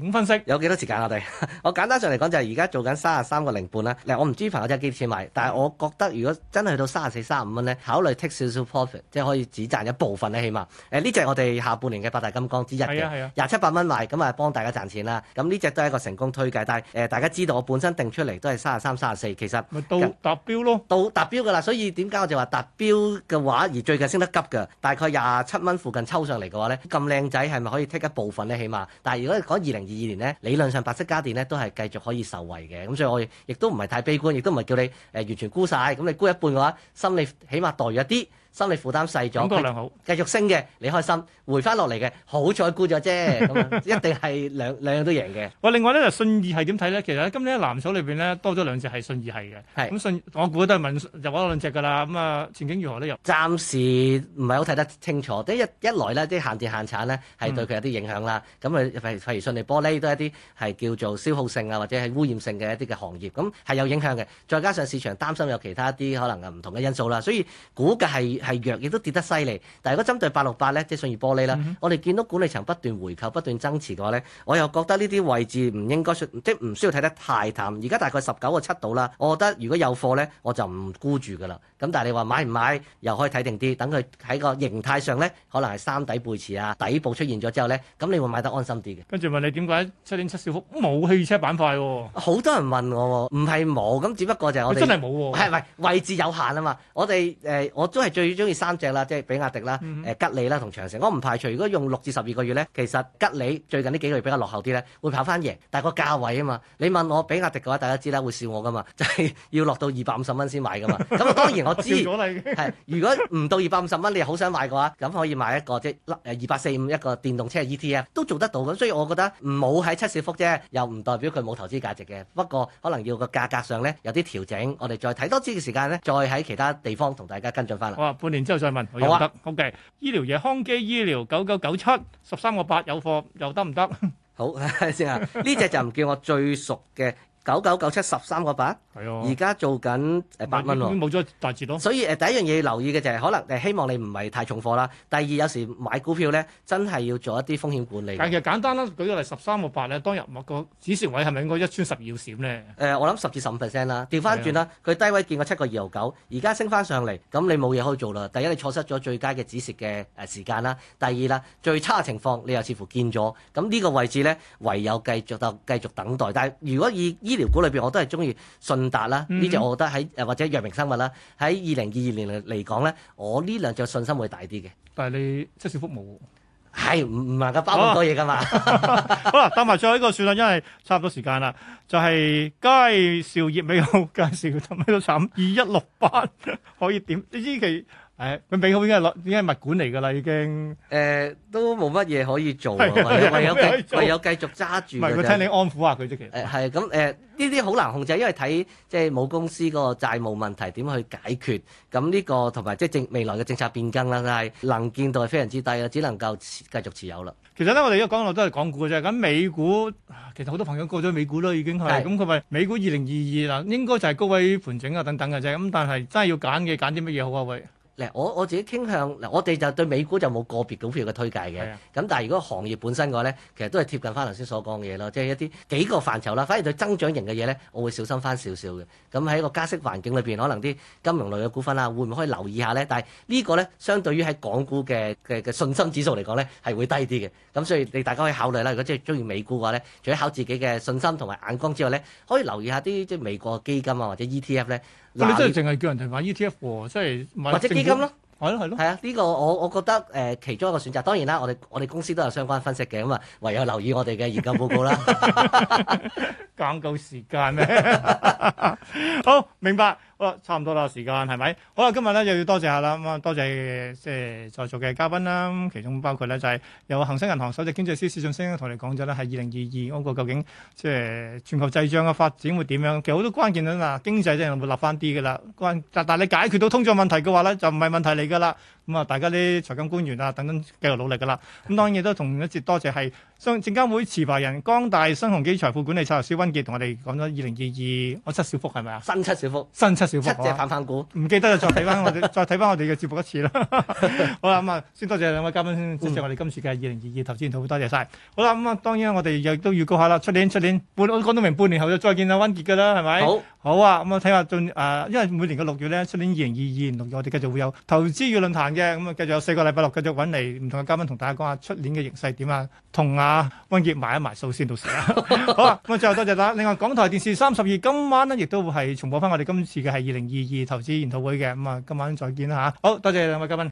請分析有幾多時間我哋？我簡單上嚟講就係而家做緊三十三個零半啦。嗱，我唔知朋友仔幾多錢買，但係我覺得如果真係去到三十四、三十五蚊咧，考慮 take 少少 profit，即係可以只賺一部分咧，起碼。誒呢隻我哋下半年嘅八大金剛之一嘅，廿七百蚊買，咁啊幫大家賺錢啦。咁呢隻都係一個成功推介，但係誒、呃、大家知道我本身定出嚟都係三十三、三十四，其實咪到達標咯，到達標噶啦。所以點解我就話達標嘅話，而最近升得急嘅，大概廿七蚊附近抽上嚟嘅話咧，咁靚仔係咪可以剔一部分咧？起碼。但係如果講二零。二二年呢，理論上白色家電呢都係繼續可以受惠嘅，咁所以我亦都唔係太悲觀，亦都唔係叫你誒完全沽晒。咁你沽一半嘅話，心理起碼待遇一啲。心理負擔細咗，量好，繼續升嘅，你開心，回翻落嚟嘅，好彩沽咗啫，咁 一定係兩兩樣都贏嘅。哇，另外咧，信義係點睇咧？其實今年藍籌裏邊咧，多咗兩隻係信義系嘅。係是，咁、嗯、信我估都係民，又揾到兩隻㗎啦。咁啊，前景如何咧？又暫時唔係好睇得清楚。啲一一來咧，啲限電限產咧，係對佢有啲影響啦。咁啊、嗯，譬如譬如信利玻璃都係一啲係叫做消耗性啊，或者係污染性嘅一啲嘅行業，咁係有影響嘅。再加上市場擔心有其他一啲可能嘅唔同嘅因素啦，所以估計係。係弱，亦都跌得犀利。但如果針對八六八咧，即係信義玻璃啦，嗯、哼我哋見到管理層不斷回購、不斷增持嘅話咧，我又覺得呢啲位置唔應該即係唔需要睇得太淡。而家大概十九個七度啦，我覺得如果有貨咧，我就唔沽住噶啦。咁但係你話買唔買，又可以睇定啲，等佢喺個形態上咧，可能係三底背馳啊，底部出現咗之後咧，咁你會買得安心啲嘅。跟住問你點解七點七小幅冇汽車板塊喎？好多人問我喎，唔係冇，咁只不過就係我哋真係冇喎，係咪位置有限啊嘛？我哋誒、呃，我都係最。最中意三隻啦，即係比亞迪啦，誒吉利啦同長城。我唔排除如果用六至十二個月咧，其實吉利最近呢幾個月比較落後啲咧，會跑翻贏。但係個價位啊嘛，你問我比亞迪嘅話，大家知啦，會笑我噶嘛，就係、是、要落到二百五十蚊先買噶嘛。咁啊，當然我知係 了。如果唔到二百五十蚊，你好想買嘅話，咁可以買一個即誒二百四五一個電動車 E T F 都做得到。咁所以我覺得唔好喺七小福啫，又唔代表佢冇投資價值嘅。不過可能要個價格上咧有啲調整，我哋再睇多次嘅時間咧，再喺其他地方同大家跟進翻啦。半年之後再問，我又好唔、啊、得 OK，醫療嘢康基醫療九九九七十三個八有貨又得唔得？好先啊！呢隻 就唔叫我最熟嘅。九九九七十三個八，係啊的，而家做緊誒八蚊喎，冇咗大字咯。所以誒、呃、第一樣嘢留意嘅就係、是，可能、呃、希望你唔係太重貨啦。第二有時買股票咧，真係要做一啲風險管理。但其實簡單 8, 是是、呃、啦，舉個例，十三個八咧，當日個止蝕位係咪應該一穿十二要閃咧？誒，我諗十至十五 percent 啦，調翻轉啦，佢低位見過七個二毫九，而家升翻上嚟，咁你冇嘢可以做啦。第一，你錯失咗最佳嘅止蝕嘅誒時間啦。第二啦，最差嘅情況你又似乎見咗，咁呢個位置咧唯有繼續就繼續等待。但係如果以醫療股裏邊我都係中意順達啦，呢隻、嗯、我覺得喺誒或者藥明生物啦，喺二零二二年嚟嚟講咧，我呢兩隻信心會大啲嘅。但係你即小服冇，係唔唔能夠包咁多嘢噶嘛？好啦吧，搭 埋 最後一個算啦，因為差唔多時間啦。就係、是、佳兆業美好，介紹同咩都慘，二一六八可以點？你知其。誒，佢美好已經係已經係物管嚟㗎啦。已經誒，都冇乜嘢可以做的，唯有做，唯有繼續揸住。唔係聽你安撫下佢，其實誒係咁，誒呢啲好難控制，因為睇即係母公司個債務問題點去解決。咁呢、呢個同埋即係政未來嘅政策變更啦，但係能見度係非常之低嘅，只能夠持繼續持有啦。其實咧，我哋而家講落都係講股嘅啫。咁美股其實好多朋友過咗美股都已經係咁。佢咪的美股二零二二啦，應該就係高位盤整啊，等等嘅啫。咁但係真係要揀嘅，揀啲乜嘢好啊？喂！我我自己傾向，嗱，我哋就對美股就冇個別股票嘅推介嘅，咁的但係如果行業本身嘅話呢，其實都係貼近翻頭先所講嘅嘢咯，即係一啲幾個範疇啦。反而對增長型嘅嘢呢，我會小心翻少少嘅。咁喺一個加息環境裏邊，可能啲金融類嘅股份啦，會唔會可以留意下呢？但係呢個呢，相對於喺港股嘅嘅信心指數嚟講呢，係會低啲嘅。咁所以你大家可以考慮啦。如果真係中意美股嘅話呢，除咗考自己嘅信心同埋眼光之外呢，可以留意下啲即係美國基金啊，或者 ETF 呢。咁、啊啊、你真係淨係叫人哋買 ETF 喎、啊，即係或者基金咯，係咯係咯，係啊！呢、啊啊啊、個我我覺得誒、呃、其中一個選擇，當然啦，我哋我哋公司都有相關分析嘅，咁啊，唯有留意我哋嘅研究報告啦。講 夠 時間咧， 好，明白。差唔多啦，時間係咪？好啦，今日咧又要多謝下啦，咁啊多謝即係在座嘅嘉賓啦，其中包括咧就係由恒生銀行首席經濟師薛俊昇咧同你講咗咧，係二零二二嗰個究竟即係、呃、全球滯脹嘅發展會點樣？其實好多關鍵咧嗱，經濟真係會立翻啲噶啦？關但但係你解決到通脹問題嘅話咧，就唔係問題嚟噶啦。咁啊，大家啲財金官員啊，等等繼續努力噶啦。咁當然亦都同一節多謝係證監會持牌人光大新鴻基財富管理策略師温傑同我哋講咗二零二二我七小福」係咪啊？新七小福」？「新七小福」？「七隻泛泛股。唔、啊、記得就再睇翻我哋， 再睇翻我哋嘅節目一次啦。 好啦，咁啊，先多謝兩位嘉賓，先謝、嗯、我哋今次嘅二零二二投資研討會，多謝晒！好啦，咁啊，當然我哋又都預告下啦，出年出年半，我講到明半年後就再見啊，温傑噶啦，係咪？好，好啊。咁啊，睇下仲誒，因為每年嘅六月咧，出年二零二二年六月，22, 月我哋繼續會有投資與論壇。嘅咁啊，繼續有四個禮拜六，繼續揾嚟唔同嘅嘉賓同大家講下出年嘅形勢點啊？同阿温傑埋一埋數先到時啦。 好啊，咁啊，最後多謝啦。另外，港台電視三十二今晚咧，亦都會係重播翻我哋今次嘅係二零二二投資研討會嘅。咁、嗯、啊，今晚再見啦嚇、啊。好多謝兩位嘉賓。